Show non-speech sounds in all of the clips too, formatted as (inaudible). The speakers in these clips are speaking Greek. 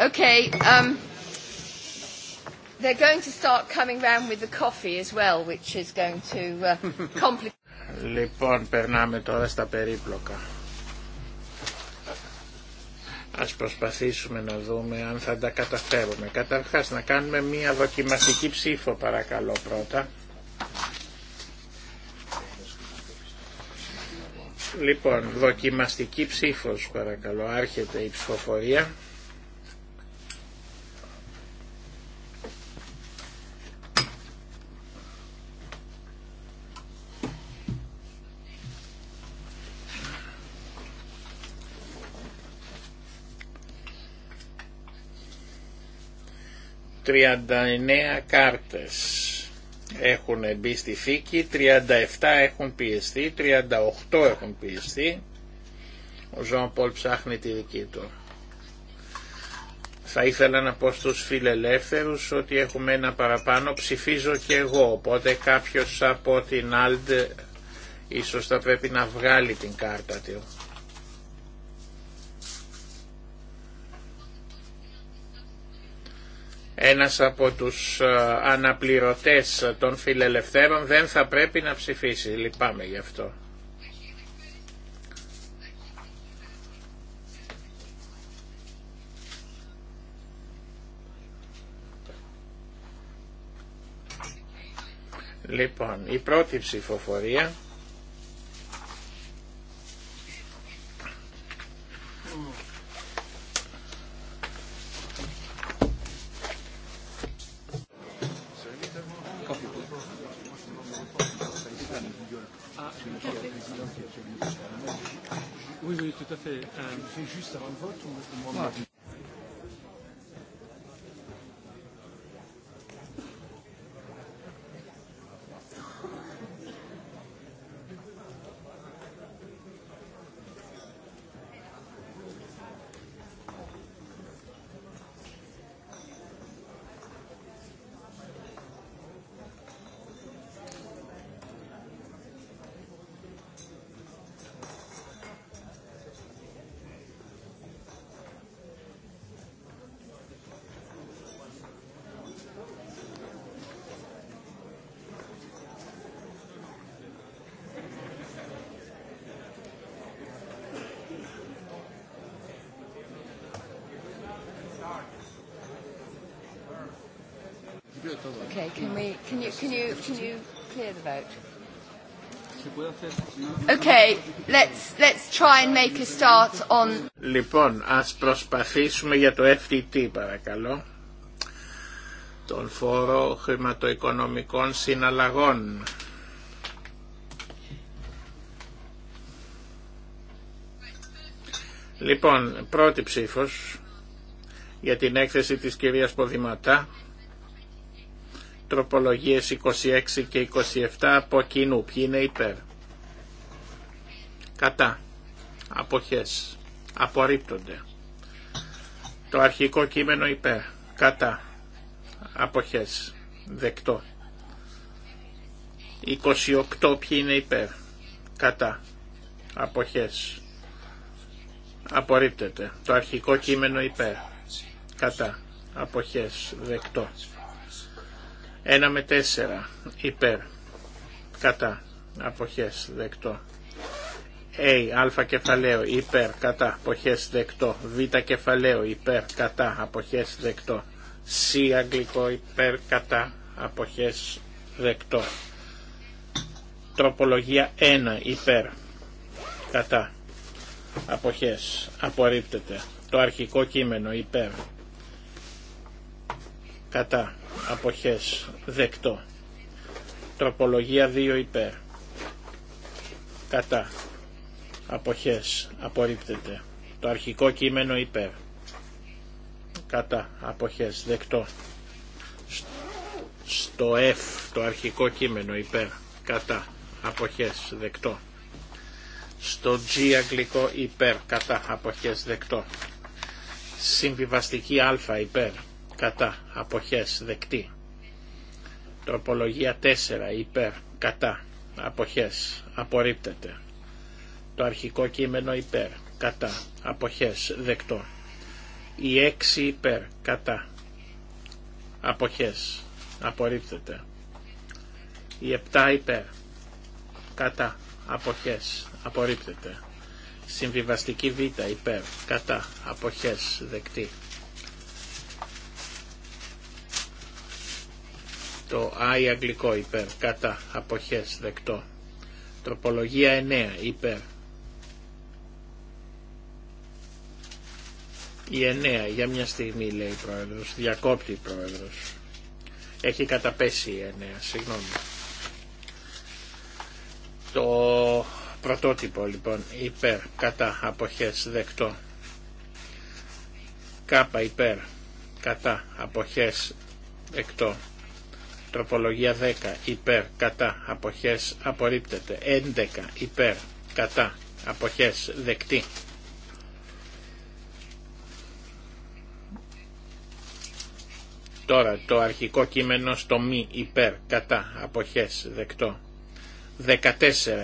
Um, they're going coming the Λοιπόν, περνάμε τώρα στα περίπλοκα. Ας προσπαθήσουμε να δούμε αν θα τα καταφέρουμε. Καταρχάς, να κάνουμε μία δοκιμαστική ψήφο, παρακαλώ, πρώτα. Λοιπόν, δοκιμαστική ψήφος, παρακαλώ. Άρχεται η ψηφοφορία. 39 κάρτες έχουν μπει στη θήκη, 37 έχουν πιεστεί, 38 έχουν πιεστεί. Ο Ζων Πολ ψάχνει τη δική του. Θα ήθελα να πω στους φιλελεύθερους ότι έχουμε ένα παραπάνω, ψηφίζω και εγώ, οπότε κάποιος από την Άλντ ίσως θα πρέπει να βγάλει την κάρτα του. ένας από τους αναπληρωτές των φιλελευθέρων δεν θα πρέπει να ψηφίσει. Λυπάμαι γι' αυτό. Λοιπόν, η πρώτη ψηφοφορία Oui, oui, tout à fait. juste avant le vote ou Λοιπόν, ας προσπαθήσουμε για το FTT παρακαλώ, τον φόρο χρηματοοικονομικών συναλλαγών. Λοιπόν, πρώτη ψήφος για την έκθεση της κυρίας Ποδηματά τροπολογίες 26 και 27 από κοινού. Ποιοι είναι υπέρ. Κατά. Αποχές. Απορρίπτονται. Το αρχικό κείμενο υπέρ. Κατά. Αποχές. Δεκτό. 28 ποιοι είναι υπέρ. Κατά. Αποχές. Απορρίπτεται. Το αρχικό κείμενο υπέρ. Κατά. Αποχές. Δεκτό. 1 με 4 υπέρ κατά αποχές δεκτό A, ε, α κεφαλαίο, υπέρ, κατά, αποχές δεκτό. Β κεφαλαίο, υπέρ, κατά, αποχές δεκτό. Σ αγγλικό, υπέρ, κατά, αποχές δεκτό. Τροπολογία 1, υπέρ, κατά, αποχές, απορρίπτεται. Το αρχικό κείμενο, υπέρ, κατά αποχές δεκτό τροπολογία 2 υπέρ κατά αποχές απορρίπτεται το αρχικό κείμενο υπέρ κατά αποχές δεκτό στο F το αρχικό κείμενο υπέρ κατά αποχές δεκτό στο G αγγλικό υπέρ κατά αποχές δεκτό συμβιβαστική α υπέρ κατά αποχές δεκτή. Τροπολογία 4 υπέρ κατά αποχές απορρίπτεται. Το αρχικό κείμενο υπέρ κατά αποχές δεκτό. Η 6 υπέρ κατά αποχές απορρίπτεται. Η 7 υπέρ κατά αποχές απορρίπτεται. Συμβιβαστική β υπέρ κατά αποχές δεκτή. Το I αγγλικό υπέρ, κατά, αποχές, δεκτό. Τροπολογία 9 υπέρ. Η 9 για μια στιγμή λέει η πρόεδρος, διακόπτη η πρόεδρος. Έχει καταπέσει η 9, συγγνώμη. Το πρωτότυπο λοιπόν υπέρ, κατά, αποχές, δεκτό. Κάπα υπέρ, κατά, αποχές, δεκτό. Τροπολογία 10 υπέρ κατά αποχές απορρίπτεται. 11 υπέρ κατά αποχές δεκτή. Τώρα το αρχικό κείμενο στο μη υπέρ κατά αποχές δεκτό. 14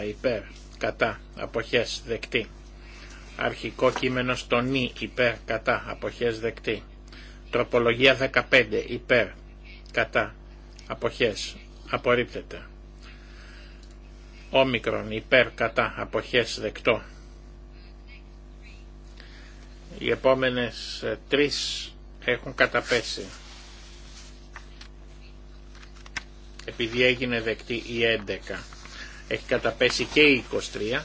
υπέρ κατά αποχές δεκτή. Αρχικό κείμενο στο νη υπέρ κατά αποχές δεκτή. Τροπολογία 15 υπέρ κατά αποχές, απορρίπτεται. Όμικρον, υπέρ, κατά, αποχές, δεκτό. Οι επόμενες ε, τρεις έχουν καταπέσει. Επειδή έγινε δεκτή η 11, έχει καταπέσει και η 23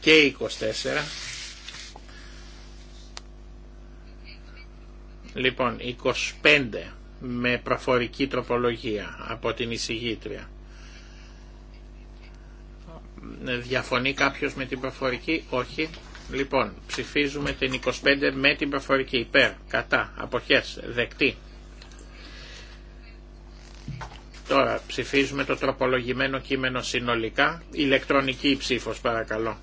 και η 24. Λοιπόν, 25 με προφορική τροπολογία από την εισηγήτρια. Διαφωνεί κάποιος με την προφορική, όχι. Λοιπόν, ψηφίζουμε την 25 με την προφορική, υπέρ, κατά, αποχές, δεκτή. Τώρα ψηφίζουμε το τροπολογημένο κείμενο συνολικά, ηλεκτρονική ψήφος παρακαλώ.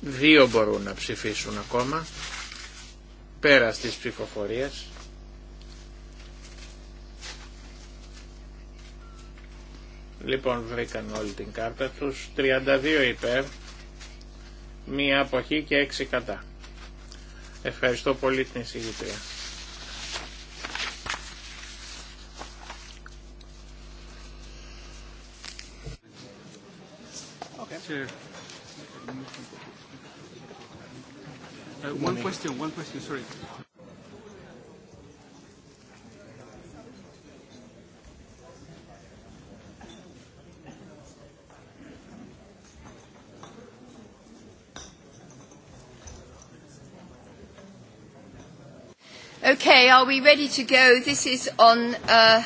Δύο μπορούν να ψηφίσουν ακόμα πέρα της ψηφοφορίας. Λοιπόν βρήκαν όλη την κάρτα τους. 32 υπέρ, μία αποχή και 6 κατά. Ευχαριστώ πολύ την εισηγητρία. One question, one question, sorry. Okay, are we ready to go? This is on. Uh...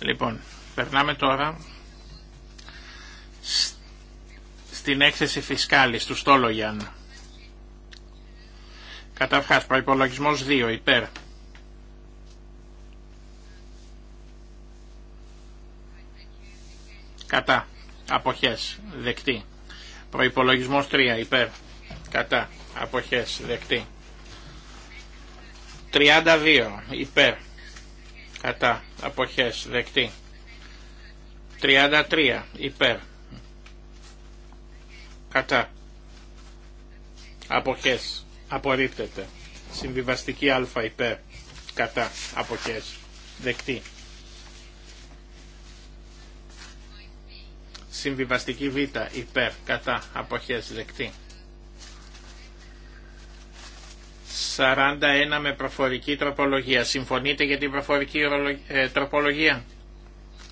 Λοιπόν, περνάμε τώρα στην έκθεση φυσκάλη του Στόλογιαν. Καταρχάς, προϋπολογισμός 2, υπέρ. Κατά. Αποχές. Δεκτή. Προϋπολογισμός 3. Υπέρ. Κατά. Αποχές. Δεκτή. 32. Υπέρ. Κατά. Αποχές. Δεκτή. 33. Υπέρ κατά αποχές απορρίπτεται συμβιβαστική α υπέρ κατά αποχές δεκτή συμβιβαστική β υπέρ κατά αποχές δεκτή 41 με προφορική τροπολογία. Συμφωνείτε για την προφορική ε, τροπολογία.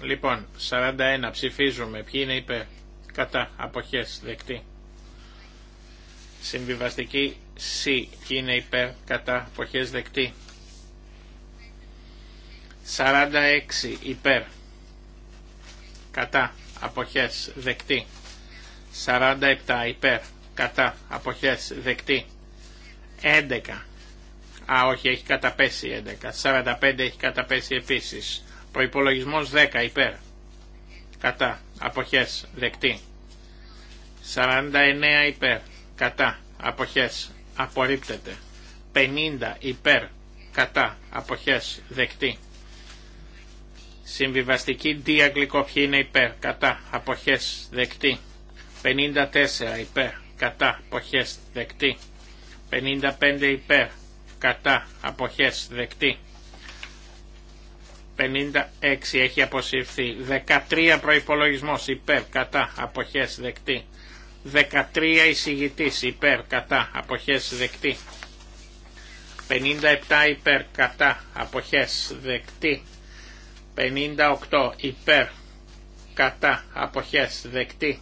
Λοιπόν, 41 ψηφίζουμε. Ποιοι είναι υπέρ. Κατά. Αποχές. Δεκτή. Συμβιβαστική C είναι υπέρ κατά αποχές δεκτή. 46 υπέρ κατά αποχές δεκτή. 47 υπέρ κατά αποχές δεκτή. 11. Α, όχι, έχει καταπέσει 11. 45 έχει καταπέσει επίσης. Προϋπολογισμός 10 υπέρ. Κατά. Αποχές. Δεκτή. 49 υπέρ κατά αποχές απορρίπτεται 50 υπέρ κατά αποχές δεκτή συμβιβαστική διαγλικό ποιοι είναι υπέρ κατά αποχές δεκτή 54 υπέρ κατά αποχές δεκτή 55 υπέρ κατά αποχές δεκτή 56 έχει αποσυρθεί 13 προϋπολογισμός υπέρ κατά αποχές δεκτή 13 εισηγητής υπέρ κατά αποχές δεκτή. 57 υπέρ κατά αποχές δεκτή. 58 υπέρ κατά αποχές δεκτή.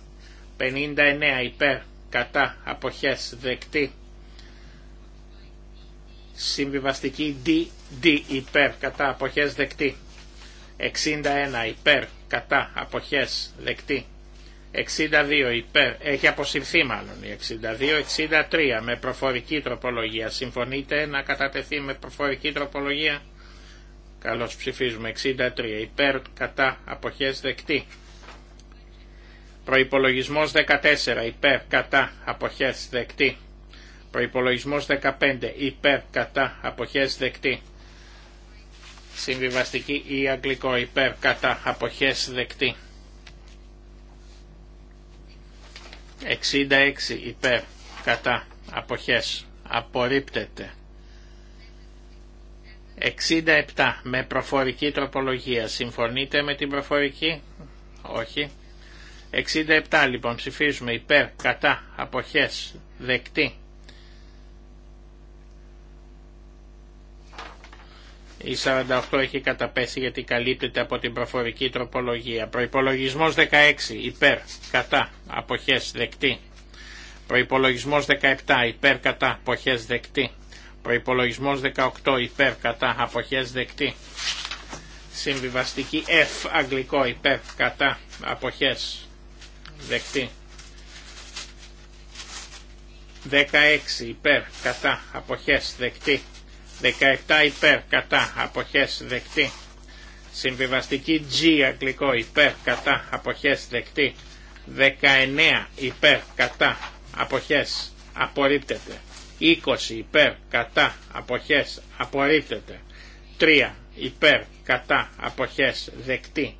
59 υπέρ κατά αποχές δεκτή. Συμβιβαστική D, D υπέρ κατά αποχές δεκτή. 61 υπέρ κατά αποχές δεκτή. 62 υπέρ, έχει αποσυρθεί μάλλον η 62-63 με προφορική τροπολογία. Συμφωνείτε να κατατεθεί με προφορική τροπολογία. Καλώς ψηφίζουμε 63 υπέρ, κατά, αποχές δεκτή. Προϋπολογισμός 14 υπέρ, κατά, αποχές δεκτή. Προϋπολογισμός 15 υπέρ, κατά, αποχές δεκτή. Συμβιβαστική ή αγγλικό υπέρ, κατά, αποχές δεκτή. 66 υπέρ κατά αποχές απορρίπτεται 67 με προφορική τροπολογία συμφωνείτε με την προφορική όχι 67 λοιπόν ψηφίζουμε υπέρ κατά αποχές δεκτή Η 48 έχει καταπέσει γιατί καλύπτεται από την προφορική τροπολογία. Προπολογισμό 16 υπέρ κατά αποχές δεκτή. Προπολογισμό 17 υπέρ κατά αποχές δεκτή. Προπολογισμό 18 υπέρ κατά αποχές δεκτή. Συμβιβαστική F αγγλικό υπέρ κατά αποχές δεκτή. 16 υπέρ κατά αποχές δεκτή. 17 υπέρ κατά αποχές δεκτή. Συμβιβαστική G αγγλικό υπέρ κατά αποχές δεκτή. 19 υπέρ κατά αποχές απορρίπτεται. 20 υπέρ κατά αποχές απορρίπτεται. 3 υπέρ κατά αποχές δεκτή.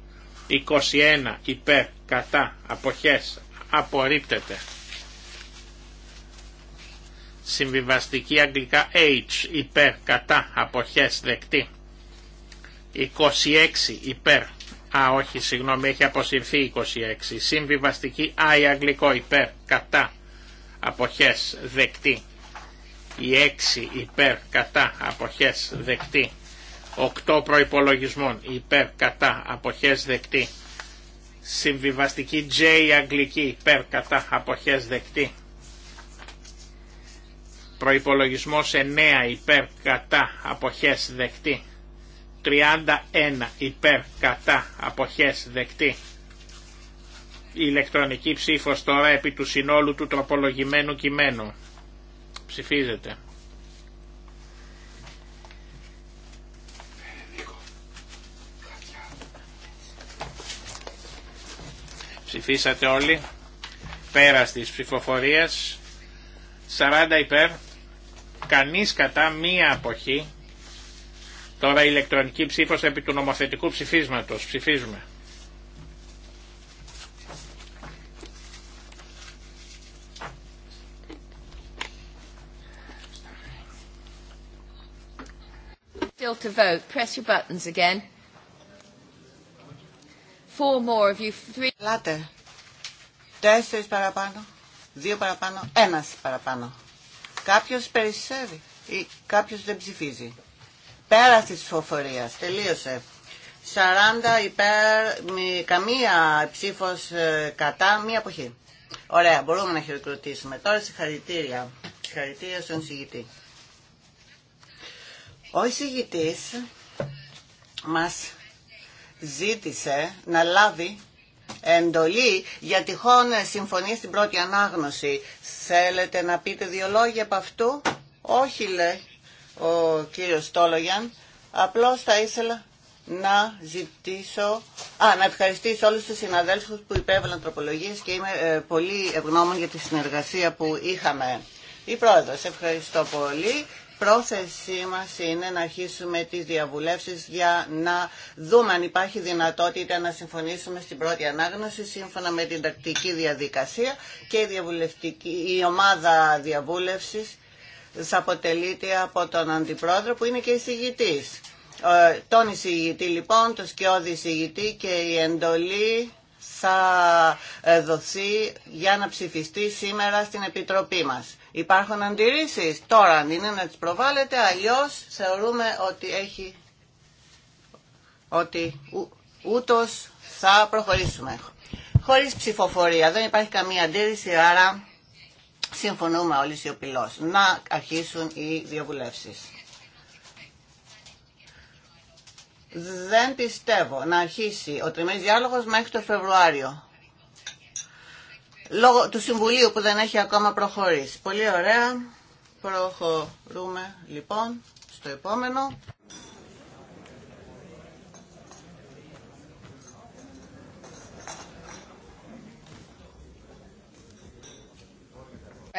21 υπέρ κατά αποχές απορρίπτεται. Συμβιβαστική αγγλικά H υπέρ κατά αποχές δεκτή. 26 υπέρ. Α, όχι, συγγνώμη, έχει αποσυρθεί 26. Συμβιβαστική I αγγλικό υπέρ κατά αποχές δεκτή. Η 6 υπέρ κατά αποχές δεκτή. 8 προϋπολογισμών υπέρ κατά αποχές δεκτή συμβιβαστική J αγγλική υπέρ κατά αποχές δεκτή Προϋπολογισμός 9 υπέρ κατά αποχές δεκτή. 31 υπέρ κατά αποχές δεκτή. Η ηλεκτρονική ψήφος τώρα επί του συνόλου του τροπολογημένου κειμένου. Ψηφίζεται. Ψηφίσατε όλοι. Πέρα της ψηφοφορίας. 40 υπέρ κανείς κατά μία αποχή. Τώρα ηλεκτρονική ψήφος επί του νομοθετικού ψηφίσματος. Ψηφίζουμε. vote. Press your buttons again. Four more of you. Three. Λάτε. Τέσσερις παραπάνω. Δύο παραπάνω. Ένας παραπάνω. Κάποιος περισσεύει ή κάποιος δεν ψηφίζει. Πέρα της ψηφοφορίας. Τελείωσε. 40 υπέρ, καμία ψήφος ε, κατά, μία αποχή. Ωραία, μπορούμε να χειροκροτήσουμε. Τώρα συγχαρητήρια. Συγχαρητήρια στον συγητή. Ο εισηγητής μας ζήτησε να λάβει εντολή για τυχόν συμφωνία στην πρώτη ανάγνωση. Θέλετε να πείτε δύο λόγια από αυτού. Όχι λέει ο κύριος Τόλογιαν. Απλώς θα ήθελα να ζητήσω, α, να ευχαριστήσω όλους τους συναδέλφους που υπέβαλαν τροπολογίες και είμαι ε, πολύ ευγνώμων για τη συνεργασία που είχαμε. Η Πρόεδρος, ευχαριστώ πολύ πρόθεσή μας είναι να αρχίσουμε τις διαβουλεύσεις για να δούμε αν υπάρχει δυνατότητα να συμφωνήσουμε στην πρώτη ανάγνωση σύμφωνα με την τακτική διαδικασία και η, διαβουλευτική, ομάδα διαβούλευσης θα αποτελείται από τον Αντιπρόεδρο που είναι και εισηγητής. Ε, τον εισηγητή λοιπόν, τον σκιώδη εισηγητή και η εντολή θα ε, δοθεί για να ψηφιστεί σήμερα στην Επιτροπή μας. Υπάρχουν αντιρρήσεις. Τώρα αν είναι να τις προβάλλετε, αλλιώς θεωρούμε ότι έχει ότι ούτως θα προχωρήσουμε. Χωρίς ψηφοφορία. Δεν υπάρχει καμία αντίρρηση, άρα συμφωνούμε όλοι σιωπηλώς. Να αρχίσουν οι διαβουλεύσεις. Δεν πιστεύω να αρχίσει ο τριμής διάλογος μέχρι το Φεβρουάριο λόγω του Συμβουλίου που δεν έχει ακόμα προχωρήσει. Πολύ ωραία. Προχωρούμε λοιπόν στο επόμενο.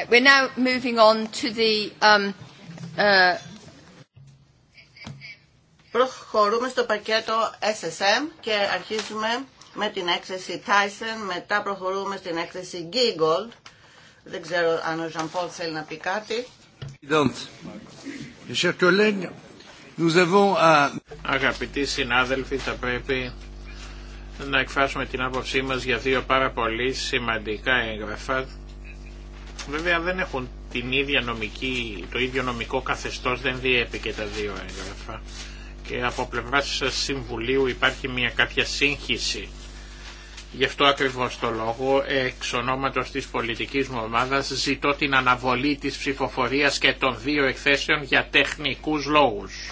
we're now moving on to the, um, uh... Προχωρούμε στο πακέτο SSM και αρχίζουμε με την έκθεση Tyson, μετά προχωρούμε στην έκθεση Giggold. Δεν ξέρω αν ο Ζανπόλ θέλει να πει κάτι. Αγαπητοί συνάδελφοι, θα πρέπει να εκφράσουμε την άποψή μας για δύο πάρα πολύ σημαντικά έγγραφα. Βέβαια δεν έχουν την ίδια νομική, το ίδιο νομικό καθεστώς, δεν διέπει και τα δύο έγγραφα. Και από πλευράς Συμβουλίου υπάρχει μια κάποια σύγχυση Γι' αυτό ακριβώς το λόγο, εξ ονόματος της πολιτικής μου ομάδας, ζητώ την αναβολή της ψηφοφορίας και των δύο εκθέσεων για τεχνικούς λόγους.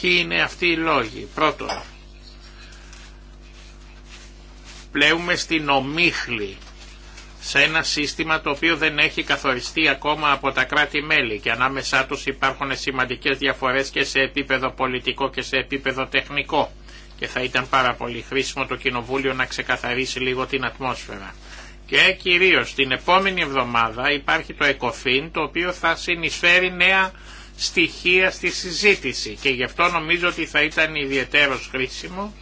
Ποιοι είναι αυτοί οι λόγοι. Πρώτον, πλέουμε στην ομίχλη σε ένα σύστημα το οποίο δεν έχει καθοριστεί ακόμα από τα κράτη-μέλη και ανάμεσά τους υπάρχουν σημαντικές διαφορές και σε επίπεδο πολιτικό και σε επίπεδο τεχνικό και θα ήταν πάρα πολύ χρήσιμο το Κοινοβούλιο να ξεκαθαρίσει λίγο την ατμόσφαιρα. Και κυρίως την επόμενη εβδομάδα υπάρχει το ΕΚΟΦΗΝ το οποίο θα συνεισφέρει νέα στοιχεία στη συζήτηση και γι' αυτό νομίζω ότι θα ήταν ιδιαίτερος χρήσιμο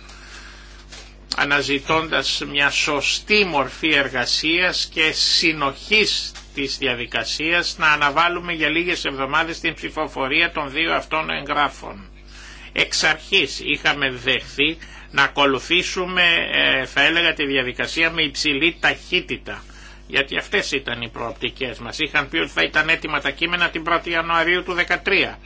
αναζητώντας μια σωστή μορφή εργασίας και συνοχής της διαδικασίας να αναβάλουμε για λίγες εβδομάδες την ψηφοφορία των δύο αυτών εγγράφων. Εξ αρχής είχαμε δεχθεί να ακολουθήσουμε ε, θα έλεγα τη διαδικασία με υψηλή ταχύτητα γιατί αυτές ήταν οι προοπτικές μας. Είχαν πει ότι θα ήταν έτοιμα τα κείμενα την 1η Ιανουαρίου του 2013.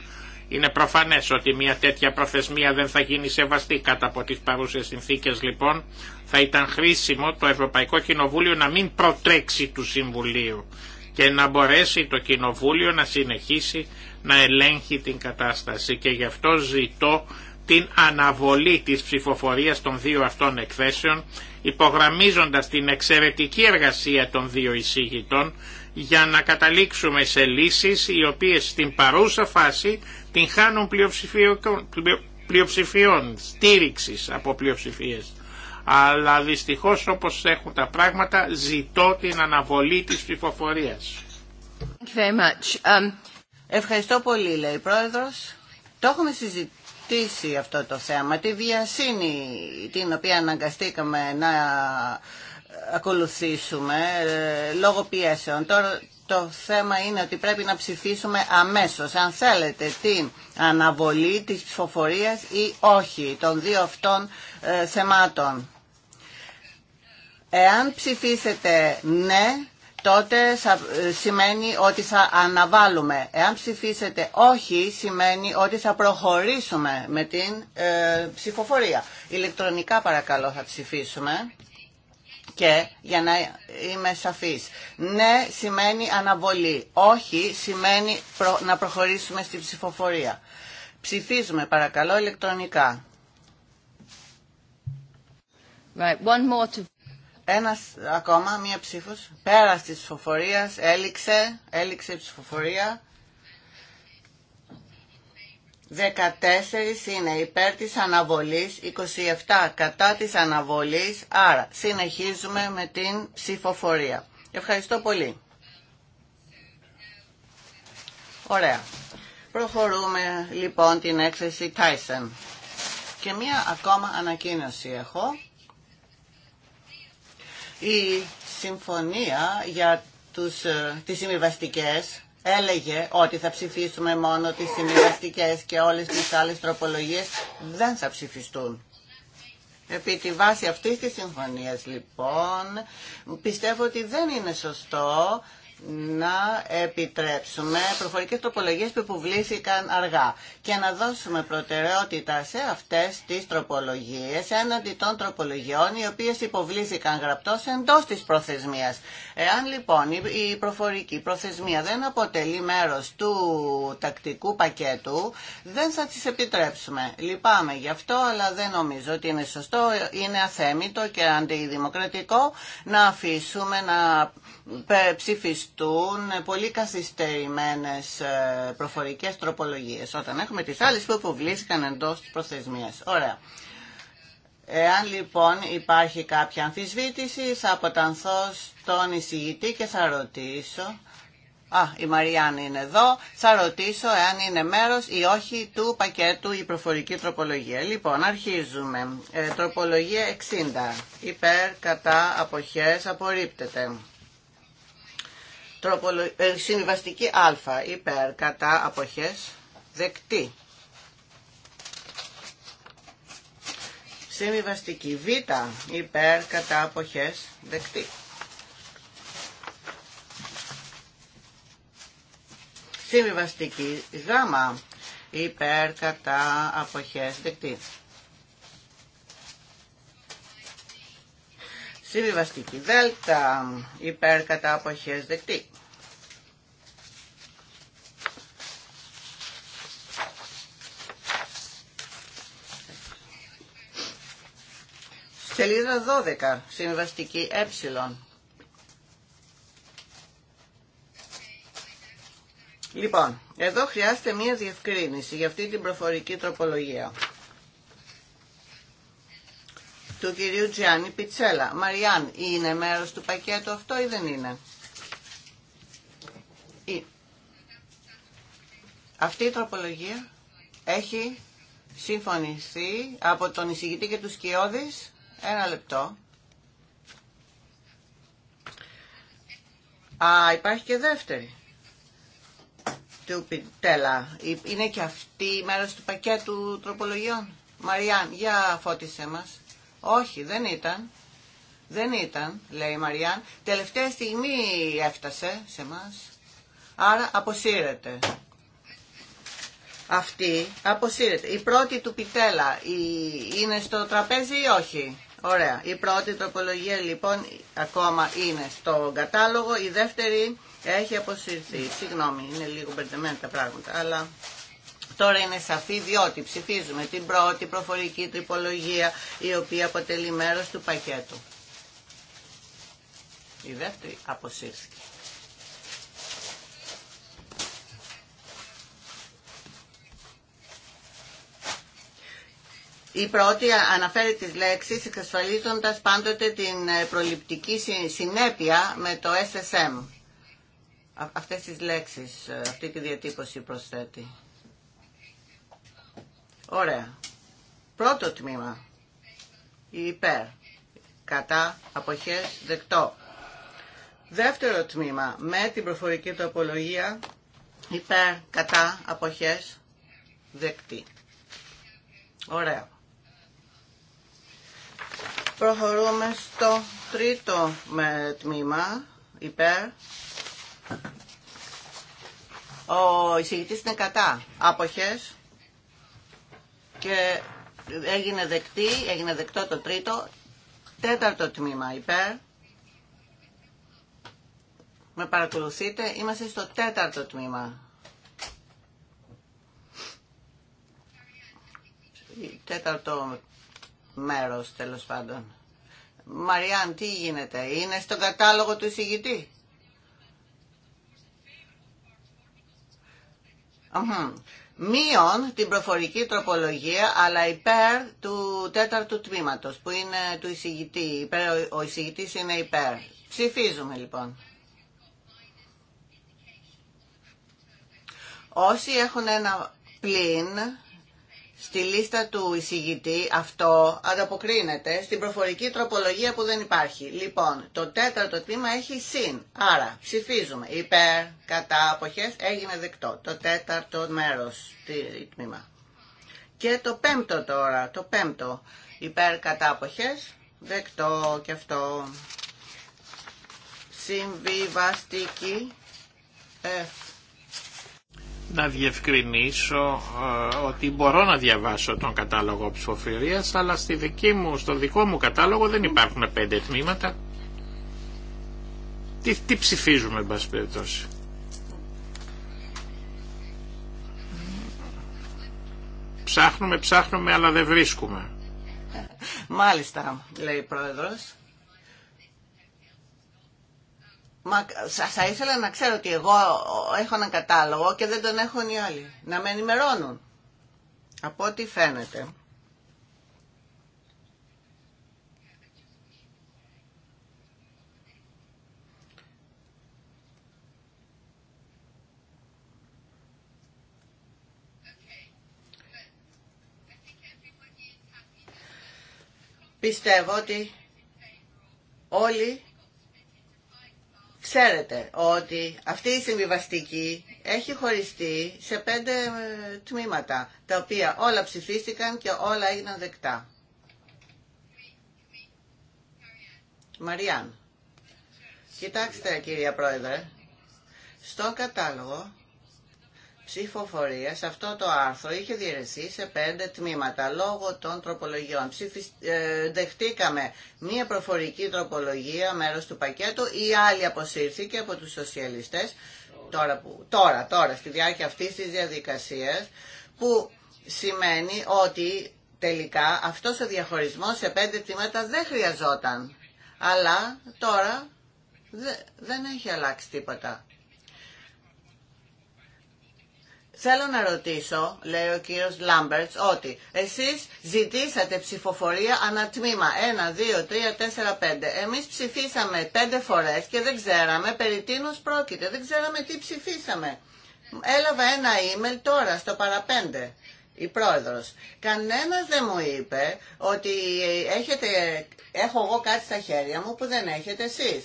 Είναι προφανές ότι μια τέτοια προθεσμία δεν θα γίνει σεβαστή κατά από τις παρούσες συνθήκες λοιπόν. Θα ήταν χρήσιμο το Ευρωπαϊκό Κοινοβούλιο να μην προτρέξει του Συμβουλίου και να μπορέσει το Κοινοβούλιο να συνεχίσει να ελέγχει την κατάσταση και γι' αυτό ζητώ την αναβολή της ψηφοφορίας των δύο αυτών εκθέσεων υπογραμμίζοντας την εξαιρετική εργασία των δύο εισήγητων για να καταλήξουμε σε λύσεις οι οποίες στην παρούσα φάση την χάνουν πλειοψηφιών, στήριξη από πλειοψηφίες. Αλλά δυστυχώς όπως έχουν τα πράγματα ζητώ την αναβολή της ψηφοφορίας. Um, Ευχαριστώ πολύ, λέει η Πρόεδρος. Το έχουμε συζητήσει αυτό το θέμα. Τη βιασύνη την οποία αναγκαστήκαμε να ακολουθήσουμε ε, λόγω πιέσεων. Τώρα το θέμα είναι ότι πρέπει να ψηφίσουμε αμέσως, αν θέλετε, την αναβολή της ψηφοφορίας ή όχι των δύο αυτών ε, θεμάτων. Εάν ψηφίσετε ναι, τότε ε, σημαίνει ότι θα αναβάλουμε. Εάν ψηφίσετε όχι, σημαίνει ότι θα προχωρήσουμε με την ε, ψηφοφορία. Ηλεκτρονικά παρακαλώ θα ψηφίσουμε. Και για να είμαι σαφής, ναι σημαίνει αναβολή, όχι σημαίνει να προχωρήσουμε στη ψηφοφορία. Ψηφίζουμε παρακαλώ ηλεκτρονικά. Right, one ένας ακόμα, μία ψήφος. Πέρα της ψηφοφορίας, έληξε, έληξε η ψηφοφορία. 14 είναι υπέρ της αναβολής, 27 κατά της αναβολής, άρα συνεχίζουμε με την ψηφοφορία. Ευχαριστώ πολύ. Ωραία. Προχωρούμε λοιπόν την έκθεση Tyson. Και μία ακόμα ανακοίνωση έχω. Η συμφωνία για τους, ε, τις συμβιβαστικέ έλεγε ότι θα ψηφίσουμε μόνο τις συμβιβαστικέ και όλες τις άλλες τροπολογίες δεν θα ψηφιστούν. Επί τη βάση αυτής της συμφωνίας λοιπόν πιστεύω ότι δεν είναι σωστό να επιτρέψουμε προφορικές τροπολογίες που υποβλήθηκαν αργά και να δώσουμε προτεραιότητα σε αυτές τις τροπολογίες έναντι των τροπολογιών οι οποίες υποβλήθηκαν γραπτός εντός της προθεσμίας. Εάν λοιπόν η προφορική προθεσμία δεν αποτελεί μέρος του τακτικού πακέτου δεν θα τις επιτρέψουμε. Λυπάμαι γι' αυτό αλλά δεν νομίζω ότι είναι σωστό, είναι αθέμητο και αντιδημοκρατικό να αφήσουμε να ε, ψηφιστούμε πολύ καθυστερημένε ε, προφορικέ τροπολογίε. όταν έχουμε τι άλλε που υποβλήθηκαν εντό τη προθεσμίας. Ωραία. Εάν λοιπόν υπάρχει κάποια αμφισβήτηση θα αποτανθώ στον εισηγητή και θα ρωτήσω Α, η Μαριάννη είναι εδώ. Θα ρωτήσω εάν είναι μέρος ή όχι του πακέτου η προφορική τροπολογία. Λοιπόν, αρχίζουμε. Ε, τροπολογία 60. Υπέρ, κατά, αποχές, απορρίπτεται. Τροπολο... Ε, συμβιβαστική α υπέρ κατά αποχές δεκτή. Συμβιβαστική β υπέρ κατά αποχές δεκτή. Συμβιβαστική γ υπέρ κατά αποχές δεκτή. Συμβιβαστική δέλτα υπέρ κατά αποχές δεκτή. Σελίδα 12, συμβαστική ε. Λοιπόν, εδώ χρειάζεται μία διευκρίνηση για αυτή την προφορική τροπολογία του κυρίου Τζιάννη Πιτσέλα. Μαριάν, είναι μέρος του πακέτου αυτό ή δεν είναι. Ή. Αυτή η τροπολογία έχει συμφωνηθεί από τον εισηγητή και τους Σκιώδης. Ένα λεπτό. Α, υπάρχει και δεύτερη του Πιτσέλα. Ε, είναι και αυτή η μέρος του πακέτου τροπολογιών. Μαριάν, για φώτισε μας. Όχι, δεν ήταν. Δεν ήταν, λέει η Μαριάν. Τελευταία στιγμή έφτασε σε εμά. Άρα αποσύρεται. Αυτή αποσύρεται. Η πρώτη του πιτέλα είναι στο τραπέζι ή όχι. Ωραία. Η πρώτη τροπολογία λοιπόν ακόμα είναι στο κατάλογο. Η δεύτερη έχει αποσυρθεί. Συγγνώμη, είναι λίγο μπερδεμένα τα πράγματα, αλλά Τώρα είναι σαφή διότι ψηφίζουμε την πρώτη προφορική τριπολογία η οποία αποτελεί μέρος του πακέτου. Η δεύτερη αποσύρθηκε. Η πρώτη αναφέρει τις λέξεις εξασφαλίζοντας πάντοτε την ε, προληπτική συνέπεια με το SSM. Αυτές τις λέξεις, ε, αυτή τη διατύπωση προσθέτει. Ωραία. Πρώτο τμήμα. Υπέρ. Κατά. Αποχές. Δεκτό. Δεύτερο τμήμα. Με την προφορική τοπολογία. Υπέρ. Κατά. Αποχές. Δεκτή. Ωραία. Προχωρούμε στο τρίτο με τμήμα. Υπέρ. Ο εισηγητής είναι κατά. Άποχες και έγινε δεκτή, έγινε δεκτό το τρίτο, τέταρτο τμήμα υπέρ. Με παρακολουθείτε, είμαστε στο τέταρτο τμήμα. Τέταρτο μέρος τέλος πάντων. Μαριάν, τι γίνεται, είναι στον κατάλογο του εισηγητή. Μείον την προφορική τροπολογία, αλλά υπέρ του τέταρτου τμήματος, που είναι του εισηγητή. Υπέρ, ο εισηγητής είναι υπέρ. Ψηφίζουμε λοιπόν. Όσοι έχουν ένα πλήν, στη λίστα του εισηγητή αυτό ανταποκρίνεται στην προφορική τροπολογία που δεν υπάρχει. Λοιπόν, το τέταρτο τμήμα έχει συν. Άρα ψηφίζουμε υπέρ, κατά, αποχές, έγινε δεκτό. Το τέταρτο μέρος τμήμα. Και το πέμπτο τώρα, το πέμπτο υπέρ, κατά, αποχές, δεκτό και αυτό. Συμβιβαστική Ε, να διευκρινίσω ε, ότι μπορώ να διαβάσω τον κατάλογο ψηφοφορία, αλλά στη δική μου, στο δικό μου κατάλογο δεν υπάρχουν πέντε τμήματα. Τι, ψηφίζουμε, εν πάση περιπτώσει. Ψάχνουμε, ψάχνουμε, αλλά δεν βρίσκουμε. Μάλιστα, λέει η Πρόεδρος. Μα, θα ήθελα να ξέρω ότι εγώ έχω έναν κατάλογο και δεν τον έχουν οι άλλοι. Να με ενημερώνουν. Από ό,τι φαίνεται. Πιστεύω ότι όλοι Ξέρετε ότι αυτή η συμβιβαστική έχει χωριστεί σε πέντε ε, τμήματα, τα οποία όλα ψηφίστηκαν και όλα έγιναν δεκτά. Μαριάν, κοιτάξτε κυρία Πρόεδρε, στο κατάλογο ψηφοφορία σε αυτό το άρθρο είχε διαιρεθεί σε πέντε τμήματα λόγω των τροπολογιών. Ε, δεχτήκαμε μία προφορική τροπολογία μέρος του πακέτου, η άλλη αποσύρθηκε από τους σοσιαλιστές τώρα, που, τώρα, τώρα στη διάρκεια αυτής της διαδικασίας που σημαίνει ότι τελικά αυτός ο διαχωρισμός σε πέντε τμήματα δεν χρειαζόταν. Αλλά τώρα δεν έχει αλλάξει τίποτα. Θέλω να ρωτήσω, λέει ο κύριο Λάμπερτ, ότι εσεί ζητήσατε ψηφοφορία ανατμήμα 1, 2, 3, 4, 5. Εμεί ψηφίσαμε πέντε φορέ και δεν ξέραμε περί τίνο πρόκειται, δεν ξέραμε τι ψηφίσαμε. Έλαβα ένα email τώρα στο παραπέντε. Η πρόεδρος. Κανένας δεν μου είπε ότι έχετε, έχω εγώ κάτι στα χέρια μου που δεν έχετε εσείς.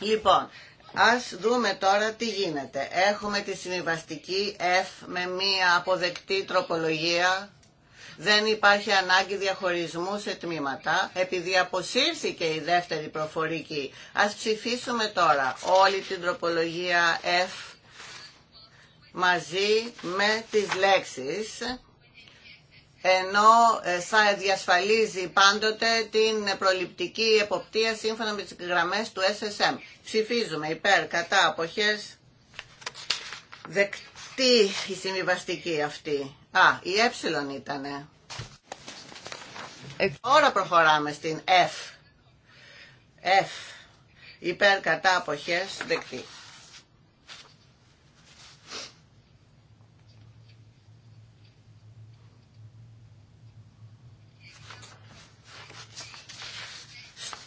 Λοιπόν, Ας δούμε τώρα τι γίνεται. Έχουμε τη συμβιβαστική F με μία αποδεκτή τροπολογία. Δεν υπάρχει ανάγκη διαχωρισμού σε τμήματα. Επειδή αποσύρθηκε η δεύτερη προφορική, ας ψηφίσουμε τώρα όλη την τροπολογία F μαζί με τις λέξεις ενώ ε, θα διασφαλίζει πάντοτε την προληπτική εποπτεία σύμφωνα με τις γραμμές του SSM. Ψηφίζουμε υπέρ, κατά, αποχές, δεκτή η συμβιβαστική αυτή. Α, η ε ήτανε. Ε. Τώρα προχωράμε στην F. F. Υπέρ κατά αποχές δεκτή.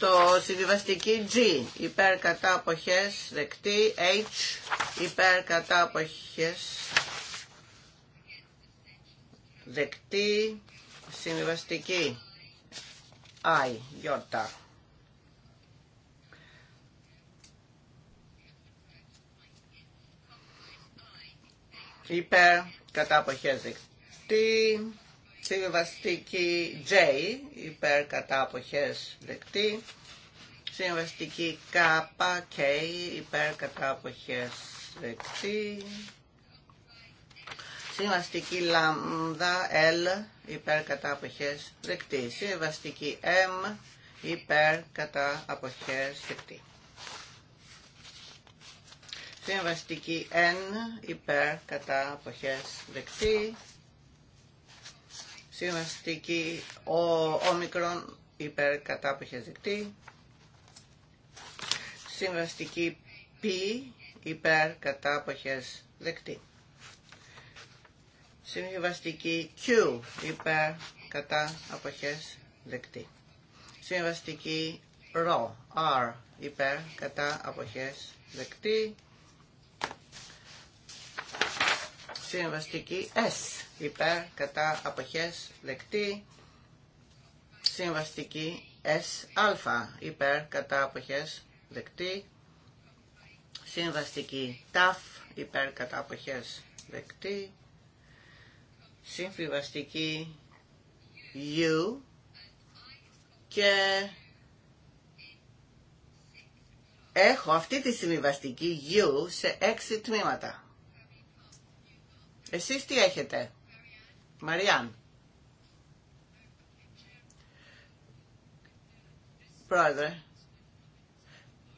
το συμβιβαστική G, υπέρ κατά αποχές, δεκτή, H, υπέρ κατά αποχές, δεκτή, συμβιβαστική I, Ι, Υπέρ κατά αποχές δεκτή, Συμβαστική J, υπέρ κατά αποχές δεκτή. Συμβαστική K, K, υπέρ κατά αποχές δεκτή. Συμβαστική λάμδα L, υπέρ κατά αποχές δεκτή. Συμβαστική M, υπέρ κατά αποχές δεκτή. Συμβαστική N, υπέρ κατά αποχές δεκτή. Συμβαστική ο, όμικρον υπέρ κατά δεκτή. Συμβαστική π υπέρ κατά δεκτή. Συμβαστική Q υπέρ κατά δεκτή. Συμβαστική Ρ R υπέρ κατά αποχές δεκτή. Συμβαστική S υπέρ, κατά, αποχές, δεκτή. Συμβαστική α, υπέρ, κατά, αποχές, δεκτή. Συμβαστική ΤΑΦ, υπέρ, κατά, αποχές, δεκτή. Συμβιβαστική U και έχω αυτή τη συμβιβαστική U σε έξι τμήματα. Εσείς τι έχετε. Μαριάν. Πρόεδρε,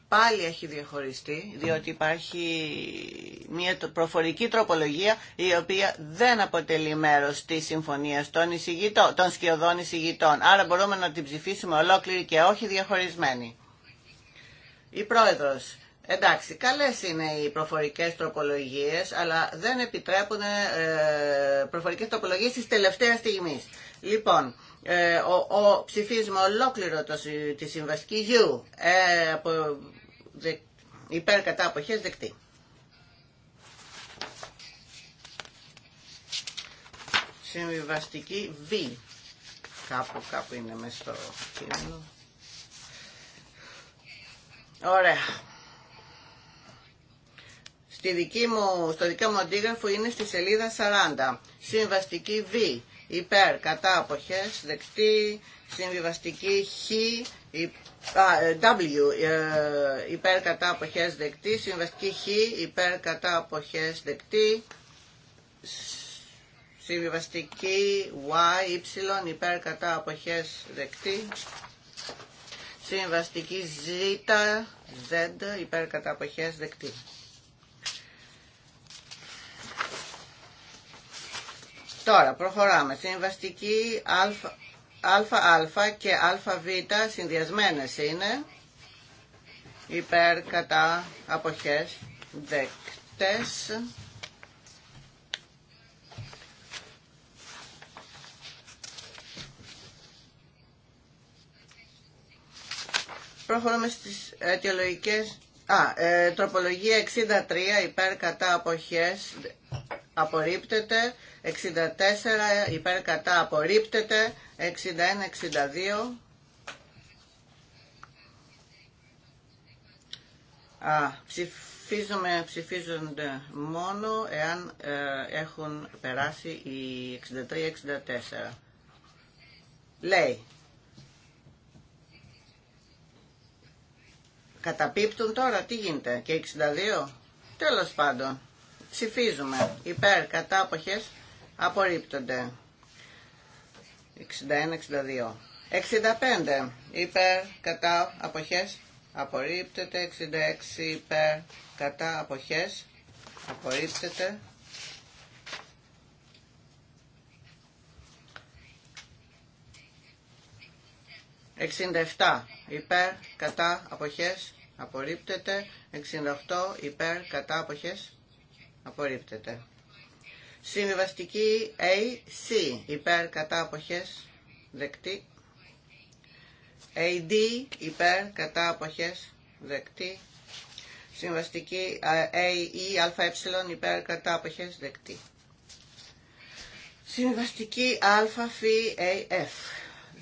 πάλι έχει διαχωριστεί, διότι υπάρχει μια προφορική τροπολογία η οποία δεν αποτελεί μέρος της συμφωνίας των, εισηγητών, των σκιωδών εισηγητών. Άρα μπορούμε να την ψηφίσουμε ολόκληρη και όχι διαχωρισμένη. Η Πρόεδρος, Εντάξει, καλές είναι οι προφορικές τροπολογίες, αλλά δεν επιτρέπουν ε, προφορικές τροπολογίες τη τελευταία στιγμής. Λοιπόν, ε, ο, ο ψηφίζουμε ολόκληρο της τη συμβαστική U, ε, από, υπέρ κατά αποχές δεκτή. Συμβιβαστική V. Κάπου, κάπου είναι μέσα στο κείμενο. Ωραία στη δική μου, στο δικό μου αντίγραφο είναι στη σελίδα 40. Συμβαστική V, υπέρ, κατά, αποχές, δεκτή. Συμβιβαστική Χ, ε, W, ε, υπέρ, κατά, αποχές, δεκτή. Συμβαστική Χ, υπέρ, κατά, αποχές, δεκτή. Συμβιβαστική Y, Y, υπέρ, κατά, αποχές, δεκτή. Συμβαστική Z, Z, υπέρ, κατά, αποχές, δεκτή. Τώρα προχωράμε. Συμβαστική ΑΑ και ΑΒ συνδυασμένες είναι υπέρ κατά αποχές δεκτές. Προχωρούμε στις αιτιολογικές... Α, ε, τροπολογία 63 υπέρ κατά αποχές απορρίπτεται. 64 υπέρ κατά απορρίπτεται. 61-62. Α, ψηφίζουμε, ψηφίζονται μόνο εάν ε, έχουν περάσει οι 63-64. Λέει. Καταπίπτουν τώρα, τι γίνεται, και 62. Τέλος πάντων, ψηφίζουμε υπέρ κατά αποχές απορρίπτονται. 61-62. 65 υπέρ κατά αποχές απορρίπτεται. 66 υπέρ κατά αποχές απορρίπτεται. 67 υπέρ κατά αποχές απορρίπτεται. 68 υπέρ κατά αποχές απορρίπτεται. Συμβιβαστική AC υπέρ κατά αποχές δεκτή. AD υπέρ κατά αποχές δεκτή. Συμβαστική AE αε υπέρ κατά αποχές δεκτή. Συμβαστική ΑΦ ε,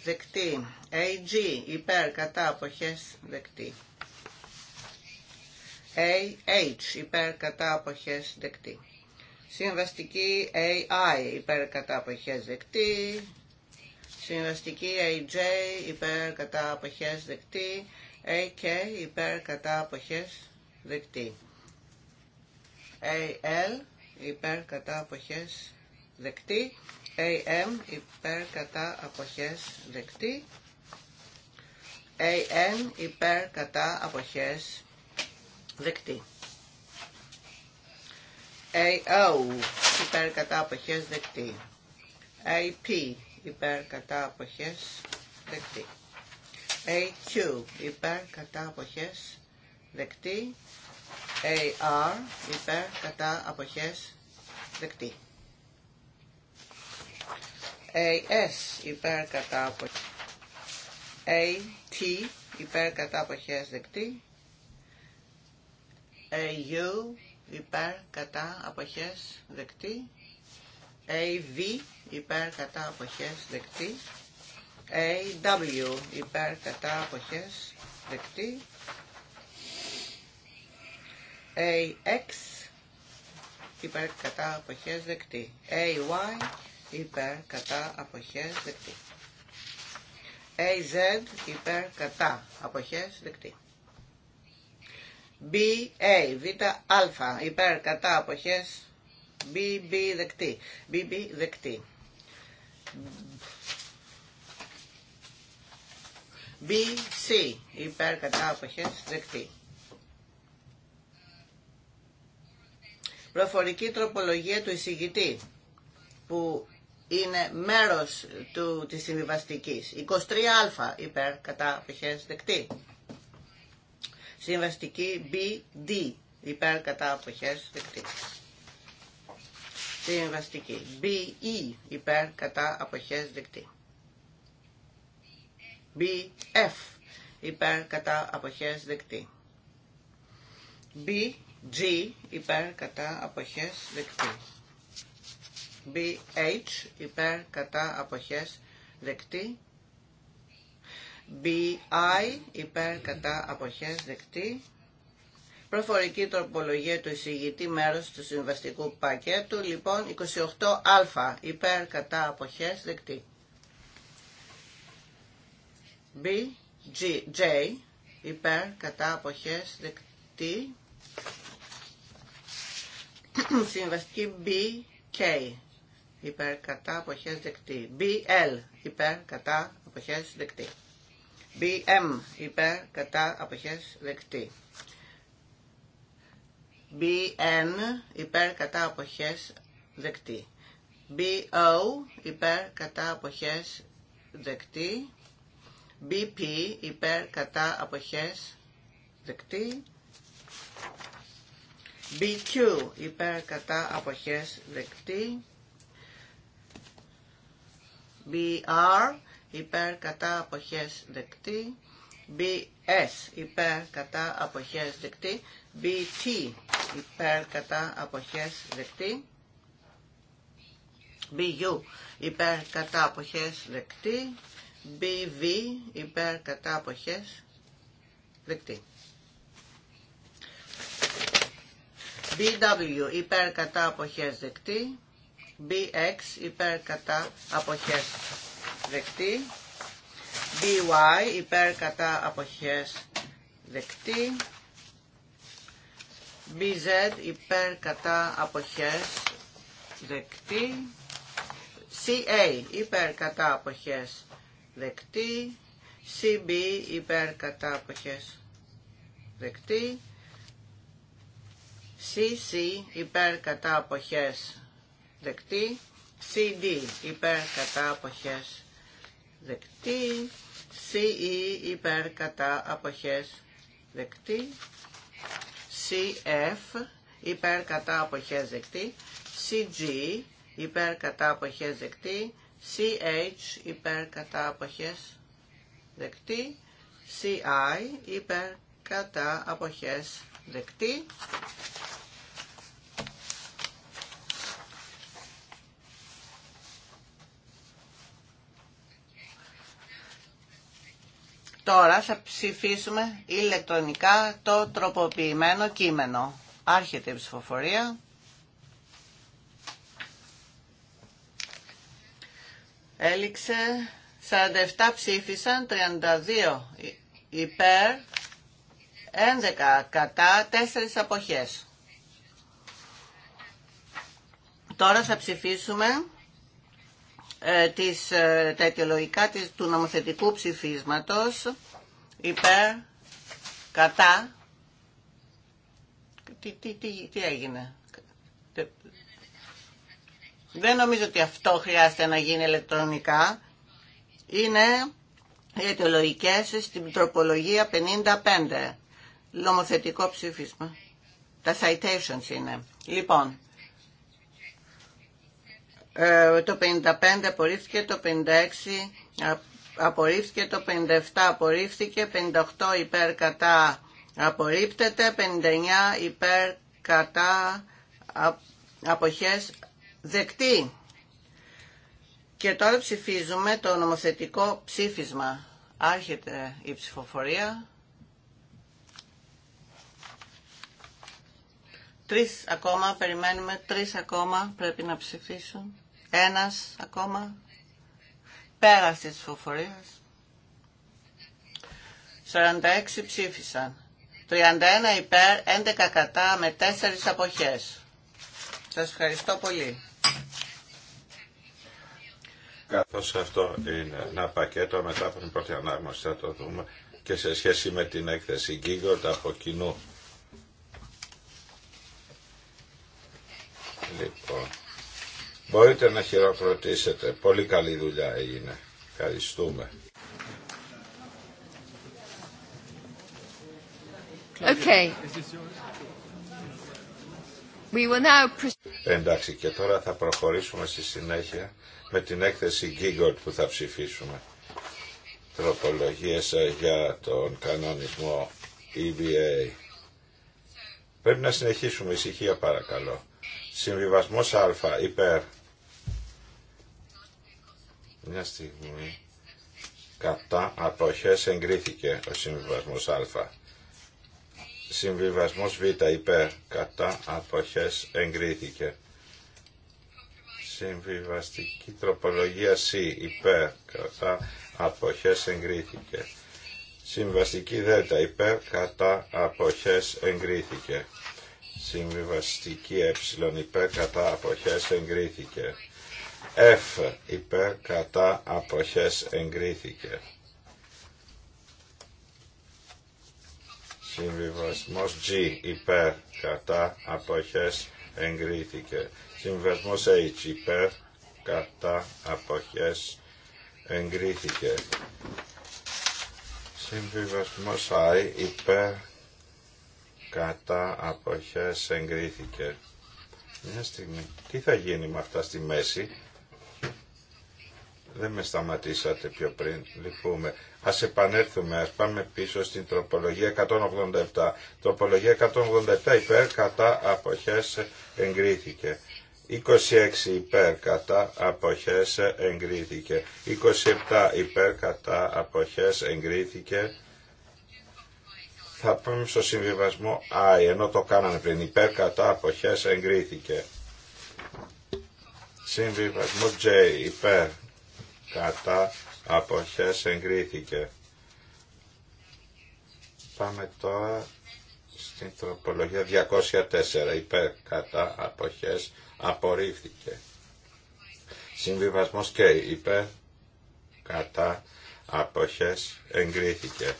δεκτή. AG υπέρ κατά αποχές δεκτή. AH υπέρ κατά αποχές δεκτή. Συμβαστική AI υπέρ κατά αποχές δεκτή. Συμβαστική AJ υπέρ κατά αποχές δεκτή. AK υπέρ κατά αποχές δεκτή. AL υπέρ κατά αποχές δεκτή. AM υπέρ κατά αποχές δεκτή. AN υπέρ κατά αποχές δεκτή. AO υπέρ κατά αποχές δεκτή. AP υπέρ κατά αποχές δεκτή. AQ υπέρ κατά αποχές δεκτή. AR υπέρ κατά αποχές δεκτή. AS υπέρ κατά αποχές AT υπέρ κατά αποχές δεκτή. AU υπέρ κατά αποχές δεκτή. AV υπέρ κατά αποχές δεκτή. AW υπέρ κατά αποχές δεκτή. AX υπέρ κατά αποχές δεκτή. Y, υπέρ κατά αποχές δεκτή. AZ υπέρ κατά αποχές δεκτή. BA, ε, β' α, υπέρ, κατά, αποχές, BB δεκτή, δεκτή. BC, υπέρ, κατά, αποχές, δεκτή. Προφορική τροπολογία του εισηγητή, που είναι μέρος του, της συμβιβαστικής. 23α, υπέρ, κατά, αποχές, δεκτή. Συμβαστική BD. Υπέρ κατά αποχές δεκτή. Συμβαστική BE. Υπέρ κατά αποχές δεκτή. BF. Υπέρ κατά αποχές δεκτή. BG. Υπέρ κατά αποχές δεκτή. BH. Υπέρ κατά αποχές δεκτή. BI υπέρ κατά αποχές δεκτή. Προφορική τροπολογία του εισηγητή μέρος του συμβαστικού πακέτου, λοιπόν 28α υπέρ κατά αποχές δεκτή. B, G, υπέρ κατά αποχές δεκτή. (coughs) Συμβαστική B, K υπέρ κατά αποχές δεκτή. B.L. L υπέρ κατά αποχές δεκτή. BM υπέρ κατά αποχές δεκτή. BN υπέρ κατά αποχές δεκτή. BO υπέρ κατά αποχές δεκτή. BP υπέρ κατά αποχές δεκτή. BQ υπέρ κατά αποχές δεκτή. BR υπέρ κατά αποχές δεκτή. BS υπέρ κατά αποχές δεκτή. BT υπέρ κατά αποχές δεκτή. BU υπέρ κατά αποχές δεκτή. BV υπέρ κατά αποχές δεκτή. BW υπέρ κατά αποχές δεκτή. BX υπέρ κατά αποχές δεκτή. BY υπέρ κατά αποχές δεκτή. BZ υπέρ κατά αποχές δεκτή. CA υπέρ κατά αποχές δεκτή. CB υπέρ κατά αποχές δεκτή. CC υπέρ κατά αποχές δεκτή. CD υπέρ κατά αποχές δεκτή. CE υπέρ κατά αποχές δεκτή. CF υπέρ κατά αποχές δεκτή. CG υπέρ κατά αποχές δεκτή. CH υπέρ κατά αποχές δεκτή. CI υπέρ κατά αποχές δεκτή. Τώρα θα ψηφίσουμε ηλεκτρονικά το τροποποιημένο κείμενο. Άρχεται η ψηφοφορία. Έληξε. 47 ψήφισαν, 32 υπέρ, 11 κατά, 4 αποχές. Τώρα θα ψηφίσουμε ε, της ε, τα αιτιολογικά της, του νομοθετικού ψηφίσματος υπέρ, κατά, τι, τι, τι, τι έγινε. Δεν νομίζω ότι αυτό χρειάζεται να γίνει ηλεκτρονικά. Είναι οι αιτιολογικές στην τροπολογία 55. Λομοθετικό ψήφισμα. Τα citations είναι. Λοιπόν, ε, το 55 απορρίφθηκε, το 56 απορρίφθηκε, το 57 απορρίφθηκε, 58 υπέρ κατά απορρίπτεται, 59 υπέρ κατά αποχές δεκτή. Και τώρα ψηφίζουμε το νομοθετικό ψήφισμα. Άρχεται η ψηφοφορία. Τρεις ακόμα, περιμένουμε, τρεις ακόμα πρέπει να ψηφίσουν. Ένας ακόμα. Πέρασε της φοφορίες. 46 ψήφισαν. 31 υπέρ, 11 κατά με 4 αποχές. Σας ευχαριστώ πολύ. Καθώς αυτό είναι ένα πακέτο μετά από την πρώτη ανάγνωση θα το δούμε και σε σχέση με την έκθεση Γκίγκορτ από κοινού. Λοιπόν. Μπορείτε να χειροκροτήσετε. Πολύ καλή δουλειά έγινε. Ευχαριστούμε. Okay. We will now... Εντάξει και τώρα θα προχωρήσουμε στη συνέχεια με την έκθεση Gigot που θα ψηφίσουμε. Τροπολογίες ε, για τον κανονισμό EBA. Πρέπει να συνεχίσουμε ησυχία παρακαλώ. Συμβιβασμός α, υπέρ. Μια στιγμή. Κατά αποχές εγκρίθηκε ο συμβιβασμός α. Συμβιβασμός β υπέρ. Κατά αποχές εγκρίθηκε. Συμβιβαστική τροπολογία Σ υπέρ. Κατά αποχές εγκρίθηκε. Συμβαστική δέτα υπέρ κατά αποχές εγκρίθηκε. Συμβιβαστική ε υπέρ κατά αποχές εγκρίθηκε. F υπέρ κατά αποχές εγκρίθηκε. Συμβιβασμός G υπέρ κατά αποχές εγκρίθηκε. Συμβιβασμός H υπέρ κατά αποχές εγκρίθηκε. Συμβιβασμός I υπέρ κατά αποχές εγκρίθηκε. Μια στιγμή. Τι θα γίνει με αυτά στη μέση. Δεν με σταματήσατε πιο πριν. Λυπούμε. Ας επανέλθουμε. Ας πάμε πίσω στην τροπολογία 187. Τροπολογία 187 υπέρ κατά αποχές εγκρίθηκε. 26 υπέρ κατά αποχές εγκρίθηκε. 27 υπέρ κατά αποχές εγκρίθηκε θα πάμε στο συμβιβασμό Α, ενώ το κάναμε πριν. Υπέρ κατά αποχές εγκρίθηκε. Συμβιβασμό J, υπέρ κατά αποχές εγκρίθηκε. Πάμε τώρα στην τροπολογία 204, υπέρ κατά αποχές απορρίφθηκε. Συμβιβασμός K, υπέρ κατά αποχές εγκρίθηκε.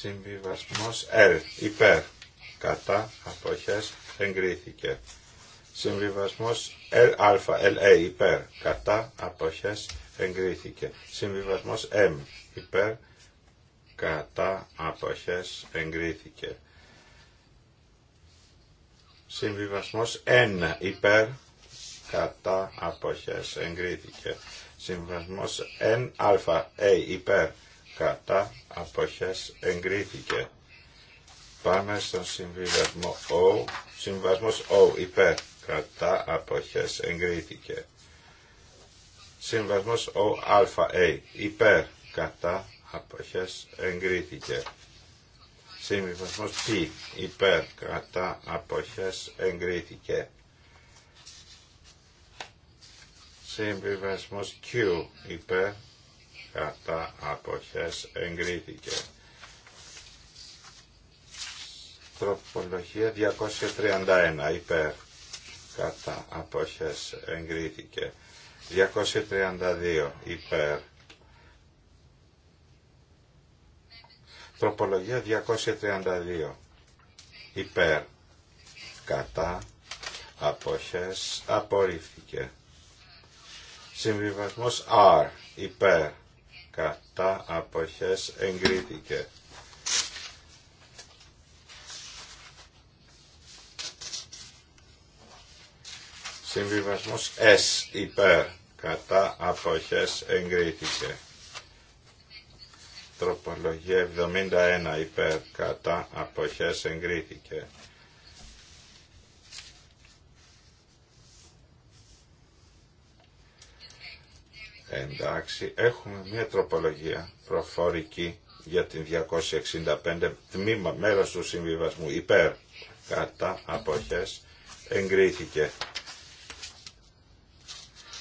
Συμβιβασμός L. Υπέρ. Κατά. Αποχές. Εγκρίθηκε. Συμβιβασμός Lα ε, Υπέρ. Κατά. Αποχές. Εγκρίθηκε. Συμβιβασμός M. Υπέρ. Κατά. Αποχές. Εγκρίθηκε. Συμβιβασμός N Υπέρ. Κατά. Αποχές. Εγκρίθηκε. εν, 1α. A. Υπέρ κατά αποχές εγκρίθηκε. Πάμε στον συμβιβασμό O. Συμβασμός O υπέρ κατά αποχές εγκρίθηκε. Συμβασμός O α ε, υπέρ κατά αποχές εγκρίθηκε. Συμβασμός π υπέρ κατά αποχές εγκρίθηκε. Συμβιβασμός Q υπέρ κατά αποχές εγκρίθηκε. Τροπολογία 231 υπέρ κατά αποχές εγκρίθηκε. 232 υπέρ. Τροπολογία 232 υπέρ κατά αποχές απορρίφθηκε. Συμβιβασμός R υπέρ κατά αποχές εγκρίθηκε. Συμβιβασμός S υπέρ κατά αποχές εγκρίθηκε. Τροπολογία 71 υπέρ κατά αποχές εγκρίθηκε. Εντάξει, έχουμε μια τροπολογία προφορική για την 265 τμήμα μέρος του συμβιβασμού υπέρ κατά αποχές εγκρίθηκε.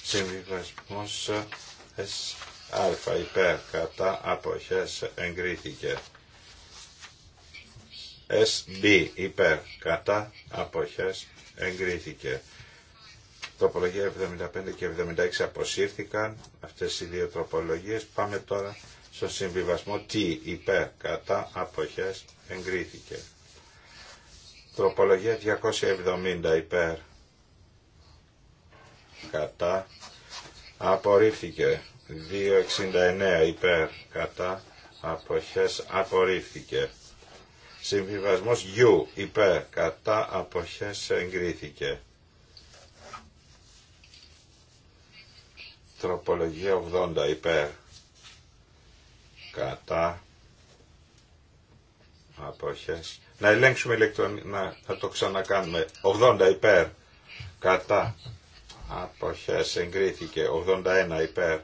Συμβιβασμός α υπέρ κατά αποχές εγκρίθηκε. SB υπέρ κατά αποχές εγκρίθηκε. Τροπολογία 75 και 76 αποσύρθηκαν αυτές οι δύο τροπολογίες. Πάμε τώρα στο συμβιβασμό τι υπέρ κατά αποχές εγκρίθηκε. Τροπολογία 270 υπέρ κατά απορρίφθηκε. 269 υπέρ κατά αποχές απορρίφθηκε. Συμβιβασμός U υπέρ κατά αποχές εγκρίθηκε. Τροπολογία 80 υπέρ. Κατά. Αποχές. Να ελέγξουμε ηλεκτρονικά, να, να το ξανακάνουμε. 80 υπέρ. Κατά. Αποχές εγκρίθηκε. 81 υπέρ.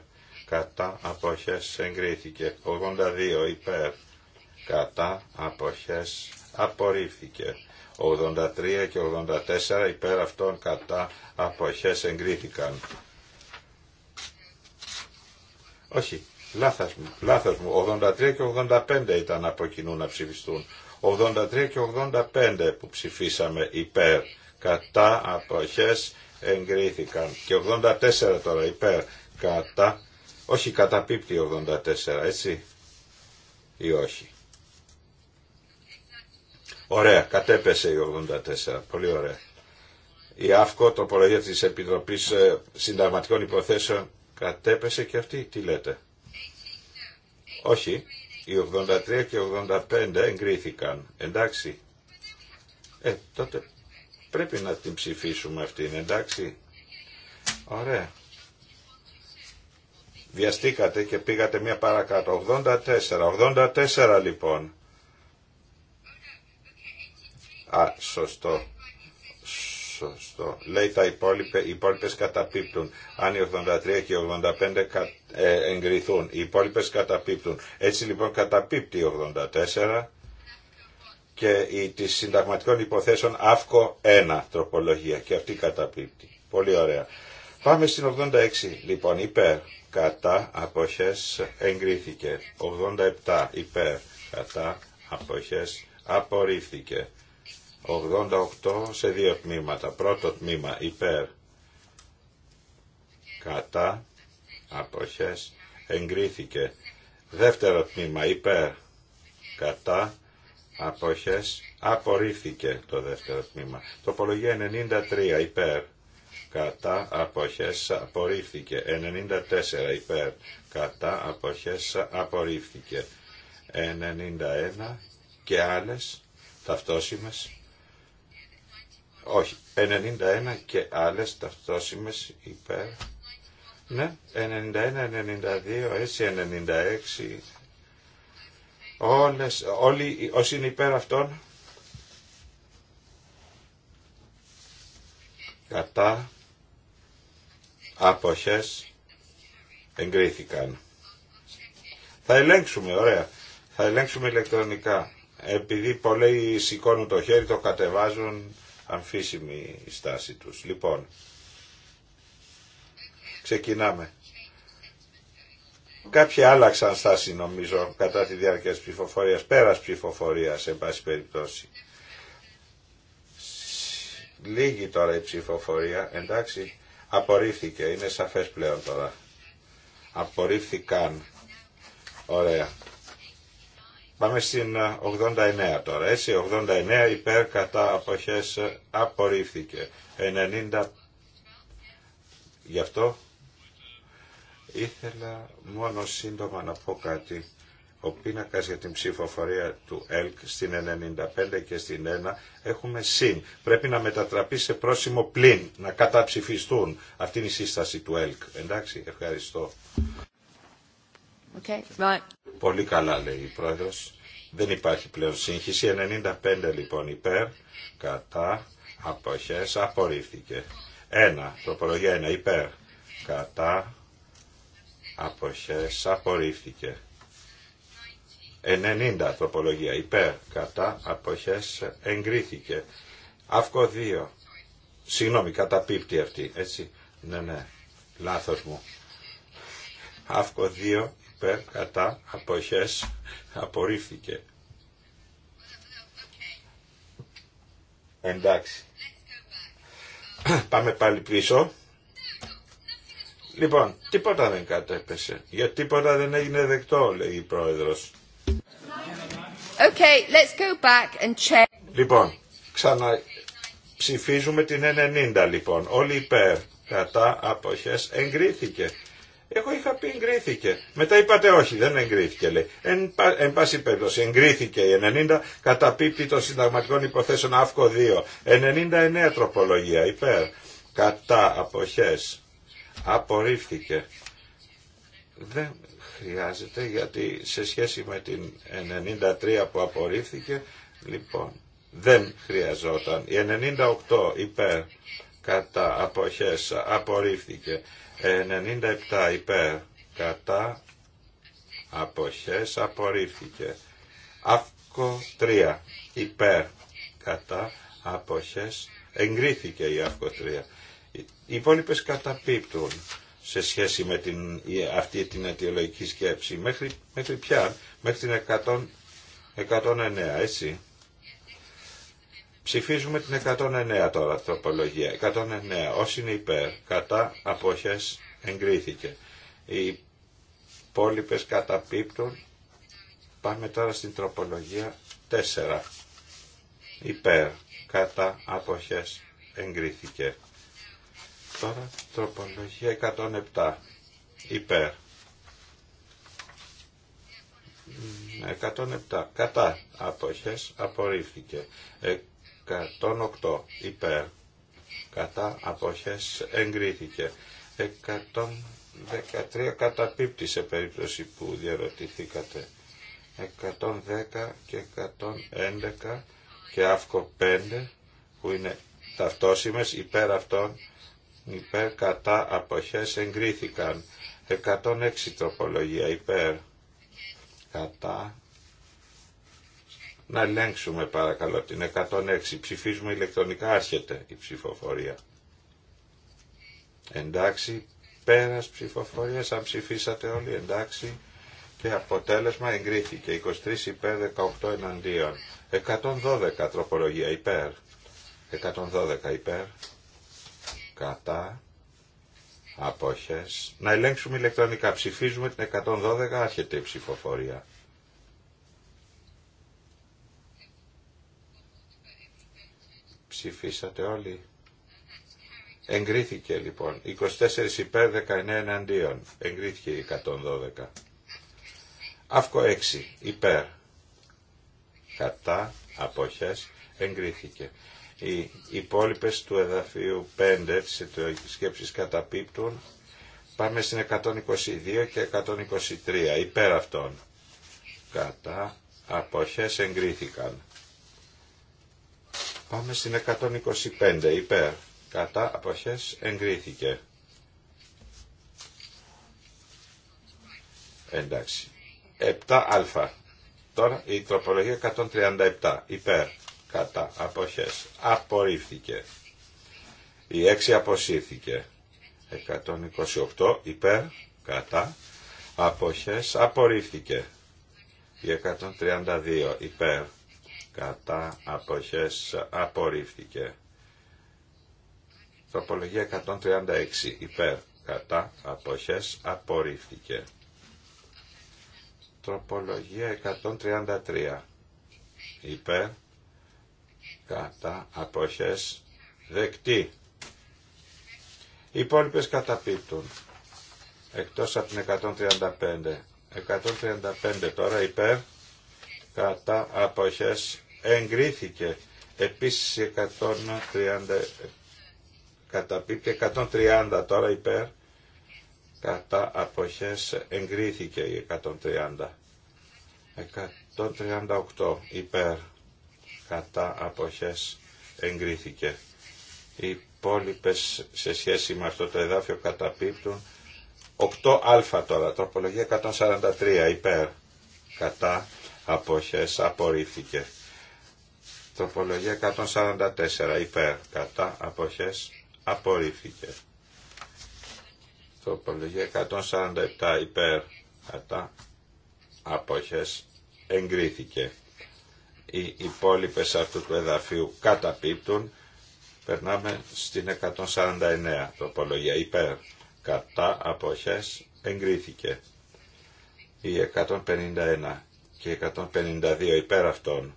Κατά. Αποχές εγκρίθηκε. 82 υπέρ. Κατά. Αποχές απορρίφθηκε. 83 και 84 υπέρ αυτών κατά αποχές εγκρίθηκαν. Όχι, λάθος μου, λάθος μου. 83 και 85 ήταν από κοινού να ψηφιστούν. 83 και 85 που ψηφίσαμε υπέρ, κατά, αποχές, εγκρίθηκαν. Και 84 τώρα υπέρ, κατά, όχι καταπίπτει 84, έτσι ή όχι. Ωραία, κατέπεσε η 84, πολύ ωραία. Η ΑΦΚΟ, το της Επιτροπής ε, Συνταγματικών Υποθέσεων, Κατέπεσε και αυτή, τι λέτε. Όχι, οι 83 και 85 εγκρίθηκαν, εντάξει. Ε, τότε πρέπει να την ψηφίσουμε αυτήν, εντάξει. Ωραία. Βιαστήκατε και πήγατε μία παρακάτω. 84, 84 λοιπόν. Α, σωστό. Λέει τα υπόλοιπε, οι υπόλοιπες καταπίπτουν. Αν οι 83 και οι 85 ε, εγκριθούν, οι υπόλοιπε καταπίπτουν. Έτσι λοιπόν καταπίπτει η 84 και η, της συνταγματικών υποθέσεων αύκο 1 τροπολογία και αυτή καταπίπτει. Πολύ ωραία. Πάμε στην 86 λοιπόν υπέρ κατά αποχές εγκρίθηκε. 87 υπέρ κατά αποχές απορρίφθηκε. 88 σε δύο τμήματα. Πρώτο τμήμα υπέρ κατά αποχές εγκρίθηκε. Δεύτερο τμήμα υπέρ κατά αποχές απορρίφθηκε το δεύτερο τμήμα. Τοπολογία 93 υπέρ κατά αποχές απορρίφθηκε. 94 υπέρ κατά αποχές απορρίφθηκε. 91 και άλλες ταυτόσιμες όχι, 91 και άλλε ταυτόσημες υπέρ. Ναι, 91, 92, έτσι 96. Όλες, όλοι όσοι είναι υπέρ αυτών. Κατά αποχές εγκρίθηκαν. Θα ελέγξουμε, ωραία. Θα ελέγξουμε ηλεκτρονικά. Επειδή πολλοί σηκώνουν το χέρι, το κατεβάζουν, αμφίσιμη η στάση τους. Λοιπόν, ξεκινάμε. Κάποιοι άλλαξαν στάση νομίζω κατά τη διάρκεια της ψηφοφορίας, πέρας ψηφοφορίας σε πάση περιπτώσει. Λίγη τώρα η ψηφοφορία, εντάξει, απορρίφθηκε, είναι σαφές πλέον τώρα. Απορρίφθηκαν. Ωραία. Πάμε στην 89 ε, τώρα. Έτσι, 89 υπέρ κατά αποχές ε, απορρίφθηκε. 90 γι' αυτό ήθελα μόνο σύντομα να πω κάτι. Ο πίνακα για την ψηφοφορία του ΕΛΚ στην 95 και στην 1 έχουμε συν. Πρέπει να μετατραπεί σε πρόσημο πλην, να καταψηφιστούν. Αυτή είναι η σύσταση του ΕΛΚ. Εντάξει, ευχαριστώ. Right. Πολύ καλά λέει η πρόεδρος. Δεν υπάρχει πλέον σύγχυση. 95 λοιπόν υπέρ, κατά, αποχές, απορρίφθηκε. 1. Τροπολογία 1. Υπέρ, κατά, αποχές, απορρίφθηκε. 90. Τροπολογία υπέρ, κατά, αποχές, εγκρίθηκε. Αύκο 2. Συγγνώμη, καταπίπτει αυτή, έτσι. Ναι, ναι, λάθος μου. Αύκο 2 υπέρ, κατά, αποχές, απορρίφθηκε. Εντάξει. Πάμε πάλι πίσω. Λοιπόν, τίποτα δεν κατέπεσε. Για τίποτα δεν έγινε δεκτό, λέει η πρόεδρος. Okay, let's go Λοιπόν, ξαναψηφίζουμε την 90 λοιπόν. Όλοι υπέρ, κατά, αποχές, εγκρίθηκε. Εγώ είχα πει εγκρίθηκε. Μετά είπατε όχι, δεν εγκρίθηκε λέει. Εν, πάση περιπτώσει εγκρίθηκε η 90 κατά πίπτη των συνταγματικών υποθέσεων ΑΦΚΟ 2. 99 τροπολογία υπέρ. Κατά αποχές. Απορρίφθηκε. Δεν χρειάζεται γιατί σε σχέση με την 93 που απορρίφθηκε, λοιπόν, δεν χρειαζόταν. Η 98 υπέρ κατά αποχές απορρίφθηκε. 97 υπέρ κατά αποχές απορρίφθηκε. Αύκο 3 υπέρ κατά αποχές εγκρίθηκε η Αύκο 3. Οι υπόλοιπε καταπίπτουν σε σχέση με την, αυτή την αιτιολογική σκέψη. Μέχρι, μέχρι πια, μέχρι την 100, 109, έτσι. Ψηφίζουμε την 109 τώρα, τροπολογία. 109. Όσοι είναι υπέρ, κατά, αποχές, εγκρίθηκε. Οι υπόλοιπε καταπίπτουν. Πάμε τώρα στην τροπολογία 4. Υπέρ, κατά, αποχές, εγκρίθηκε. Τώρα τροπολογία 107. Υπέρ. 107. Κατά αποχές απορρίφθηκε. 108 υπέρ κατά αποχές εγκρίθηκε 113 καταπίπτει σε περίπτωση που διαρωτηθήκατε 110 και 111 και αύκο 5 που είναι ταυτόσιμες υπέρ αυτών υπέρ κατά αποχές εγκρίθηκαν 106 τροπολογία υπέρ κατά να ελέγξουμε παρακαλώ την 106. Ψηφίζουμε ηλεκτρονικά. Άρχεται η ψηφοφορία. Εντάξει. Πέρας ψηφοφορία Αν ψηφίσατε όλοι εντάξει. Και αποτέλεσμα εγκρίθηκε. 23 υπέρ 18 εναντίον. 112 τροπολογία υπέρ. 112 υπέρ. Κατά. Απόχες. Να ελέγξουμε ηλεκτρονικά. Ψηφίζουμε την 112. Άρχεται η ψηφοφορία. Ψηφίσατε όλοι. Εγκρίθηκε λοιπόν. 24 υπέρ 19 εναντίον. Εγκρίθηκε η 112. Αύκο 6 υπέρ. Κατά αποχές εγκρίθηκε. Οι υπόλοιπε του εδαφίου 5 της ιτρογικής σκέψης καταπίπτουν. Πάμε στην 122 και 123 υπέρ αυτών. Κατά αποχές εγκρίθηκαν. Πάμε στην 125 υπέρ. Κατά αποχές εγκρίθηκε. Εντάξει. 7α. Τώρα η τροπολογία 137 υπέρ. Κατά αποχές. Απορρίφθηκε. Η 6 αποσύρθηκε. 128 υπέρ. Κατά αποχές. Απορρίφθηκε. Η 132 υπέρ κατά αποχές απορρίφθηκε. Τροπολογία 136 υπέρ κατά αποχές απορρίφθηκε. Τροπολογία 133 υπέρ κατά αποχές δεκτή. Οι υπόλοιπες καταπίπτουν εκτός από την 135. 135 τώρα υπέρ κατά αποχές εγκρίθηκε. Επίσης 130, καταπίπτει 130 τώρα υπέρ, κατά αποχές εγκρίθηκε η 130. 138 υπέρ, κατά αποχές εγκρίθηκε. Οι υπόλοιπε σε σχέση με αυτό το εδάφιο καταπίπτουν 8α τώρα, τροπολογία 143 υπέρ, κατά αποχές απορρίφθηκε. Τροπολογία 144 υπέρ κατά αποχές απορρίφθηκε. Τροπολογία 147 υπέρ κατά αποχές εγκρίθηκε. Οι υπόλοιπε αυτού του εδαφίου καταπίπτουν. Περνάμε στην 149 τροπολογία υπέρ κατά αποχές εγκρίθηκε. Η 151 και 152 υπέρ αυτών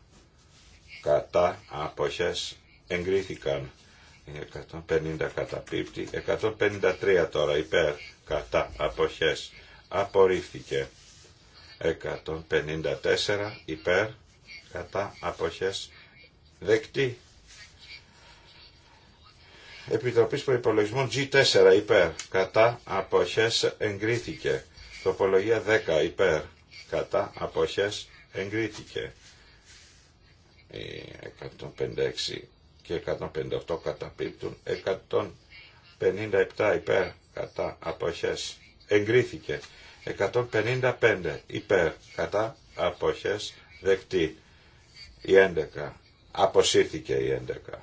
κατά αποχές εγκρίθηκαν 150 πίπτη 153 τώρα υπέρ κατά αποχές απορρίφθηκε 154 υπέρ κατά αποχές δεκτή Επιτροπής Προϋπολογισμών G4 υπέρ κατά αποχές εγκρίθηκε Τοπολογία 10 υπέρ κατά αποχές εγκρίθηκε οι 156 και 158 καταπίπτουν 157 υπέρ κατά αποχές εγκρίθηκε 155 υπέρ κατά αποχές δεκτή η 11 αποσύρθηκε η 11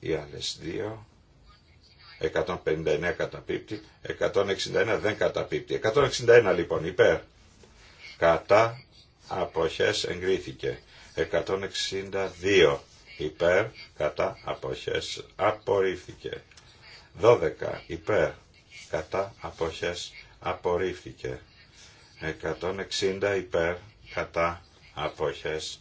οι άλλες δύο 159 καταπίπτει 161 δεν καταπίπτει 161 λοιπόν υπέρ κατά αποχές εγκρίθηκε 162 υπέρ κατά αποχές απορρίφθηκε. 12 υπέρ κατά αποχές απορρίφθηκε. 160 υπέρ κατά αποχές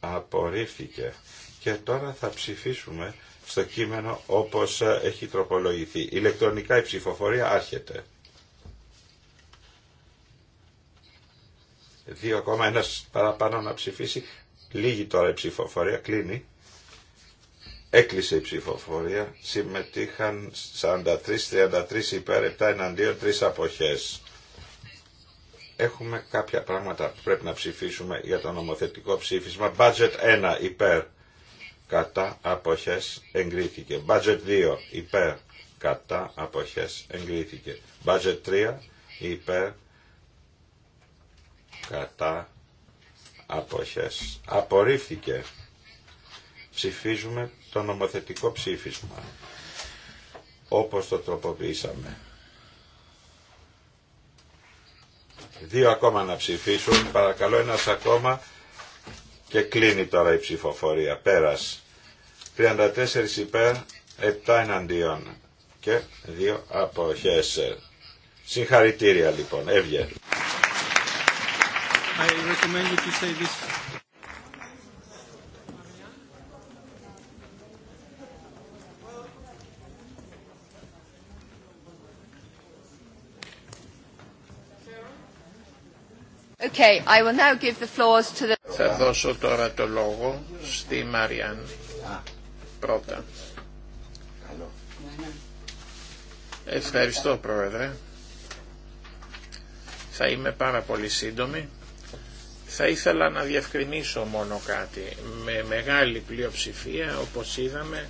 απορρίφθηκε. Και τώρα θα ψηφίσουμε στο κείμενο όπως έχει τροπολογηθεί. Ηλεκτρονικά η ψηφοφορία άρχεται. 2,1 παραπάνω να ψηφίσει. Λίγη τώρα η ψηφοφορία, κλείνει. Έκλεισε η ψηφοφορία. Συμμετείχαν 43-33 υπέρ, 7 εναντίον, 3 αποχές. Έχουμε κάποια πράγματα που πρέπει να ψηφίσουμε για το νομοθετικό ψήφισμα. Budget 1 υπέρ, κατά αποχές εγκρίθηκε. Budget 2 υπέρ, κατά αποχές εγκρίθηκε. Budget 3 υπέρ, κατά αποχές. Απορρίφθηκε. Ψηφίζουμε το νομοθετικό ψήφισμα. Όπως το τροποποιήσαμε. Δύο ακόμα να ψηφίσουν. Παρακαλώ ένας ακόμα. Και κλείνει τώρα η ψηφοφορία. Πέρας. 34 υπέρ, 7 εναντίον και δύο αποχές. Συγχαρητήρια λοιπόν. Έβγε. Θα δώσω τώρα το λόγο στη Μαριάν πρώτα. Ευχαριστώ Πρόεδρε. Θα είμαι πάρα πολύ σύντομη. Θα ήθελα να διευκρινίσω μόνο κάτι. Με μεγάλη πλειοψηφία, όπως είδαμε,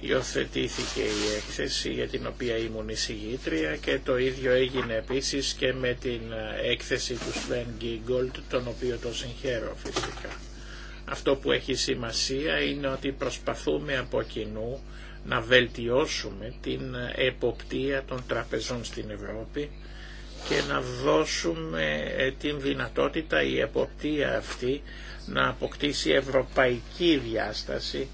υιοθετήθηκε η έκθεση για την οποία ήμουν εισηγήτρια και το ίδιο έγινε επίσης και με την έκθεση του Sven Γκίγκολτ, τον οποίο το συγχαίρω φυσικά. Αυτό που έχει σημασία είναι ότι προσπαθούμε από κοινού να βελτιώσουμε την εποπτεία των τραπεζών στην Ευρώπη και να δώσουμε ε, την δυνατότητα η εποπτεία αυτή να αποκτήσει ευρωπαϊκή διάσταση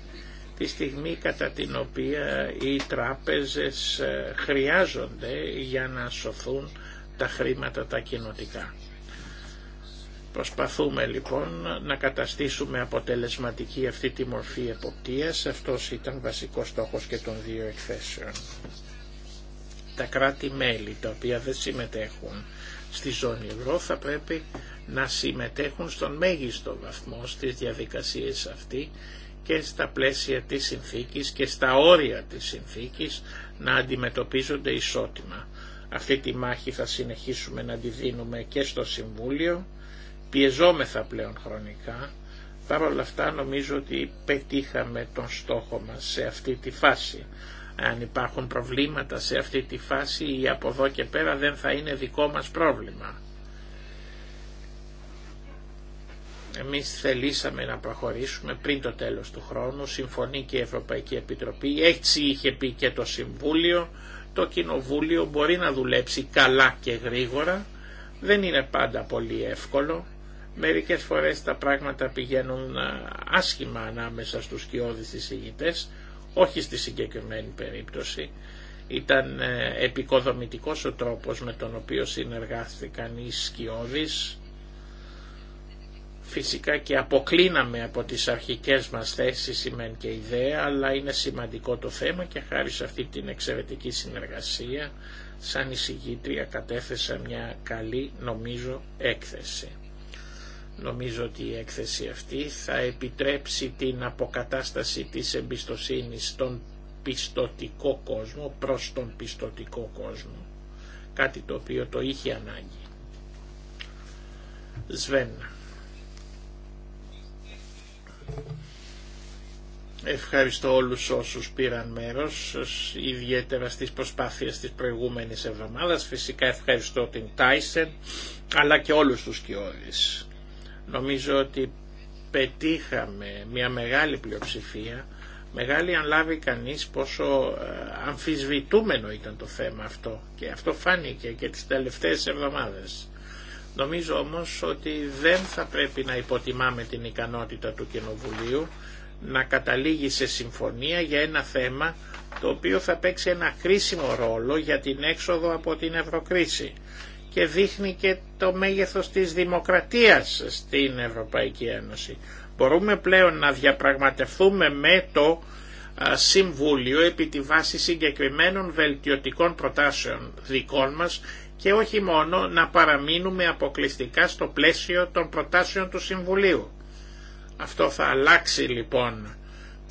τη στιγμή κατά την οποία οι τράπεζες ε, χρειάζονται για να σωθούν τα χρήματα τα κοινοτικά. Προσπαθούμε λοιπόν να καταστήσουμε αποτελεσματική αυτή τη μορφή εποπτείας, αυτός ήταν βασικός στόχος και των δύο εκθέσεων τα κράτη-μέλη τα οποία δεν συμμετέχουν στη ζώνη ευρώ θα πρέπει να συμμετέχουν στον μέγιστο βαθμό στις διαδικασίες αυτή και στα πλαίσια της συνθήκης και στα όρια της συνθήκης να αντιμετωπίζονται ισότιμα. Αυτή τη μάχη θα συνεχίσουμε να τη δίνουμε και στο Συμβούλιο, πιεζόμεθα πλέον χρονικά, Παρ' όλα αυτά νομίζω ότι πετύχαμε τον στόχο μας σε αυτή τη φάση. Αν υπάρχουν προβλήματα σε αυτή τη φάση ή από εδώ και πέρα δεν θα είναι δικό μας πρόβλημα. Εμείς θελήσαμε να προχωρήσουμε πριν το τέλος του χρόνου, συμφωνεί και η Ευρωπαϊκή Επιτροπή, έτσι είχε πει και το Συμβούλιο, το Κοινοβούλιο μπορεί να δουλέψει καλά και γρήγορα, δεν είναι πάντα πολύ εύκολο, μερικές φορές τα πράγματα πηγαίνουν ε, άσχημα ανάμεσα στους κοιόδης εισηγητές, όχι στη συγκεκριμένη περίπτωση. Ήταν ε, επικοδομητικός ο τρόπος με τον οποίο συνεργάστηκαν οι σκιώδεις. Φυσικά και αποκλίναμε από τις αρχικές μας θέσεις σημαίνει και ιδέα, αλλά είναι σημαντικό το θέμα και χάρη σε αυτή την εξαιρετική συνεργασία, σαν εισηγήτρια κατέθεσα μια καλή νομίζω έκθεση. Νομίζω ότι η έκθεση αυτή θα επιτρέψει την αποκατάσταση της εμπιστοσύνης στον πιστοτικό κόσμο, προς τον πιστοτικό κόσμο. Κάτι το οποίο το είχε ανάγκη. Σβέν. Ευχαριστώ όλους όσους πήραν μέρος, ιδιαίτερα στις προσπάθειες της προηγούμενης εβδομάδας. Φυσικά ευχαριστώ την Τάισεν, αλλά και όλους τους κοιόδης. Νομίζω ότι πετύχαμε μια μεγάλη πλειοψηφία, μεγάλη αν λάβει κανείς πόσο ε, αμφισβητούμενο ήταν το θέμα αυτό και αυτό φάνηκε και τις τελευταίες εβδομάδες. Νομίζω όμως ότι δεν θα πρέπει να υποτιμάμε την ικανότητα του Κοινοβουλίου να καταλήγει σε συμφωνία για ένα θέμα το οποίο θα παίξει ένα κρίσιμο ρόλο για την έξοδο από την ευρωκρίση και δείχνει και το μέγεθος της δημοκρατίας στην Ευρωπαϊκή Ένωση. Μπορούμε πλέον να διαπραγματευτούμε με το Συμβούλιο επί τη βάση συγκεκριμένων βελτιωτικών προτάσεων δικών μας και όχι μόνο να παραμείνουμε αποκλειστικά στο πλαίσιο των προτάσεων του Συμβουλίου. Αυτό θα αλλάξει λοιπόν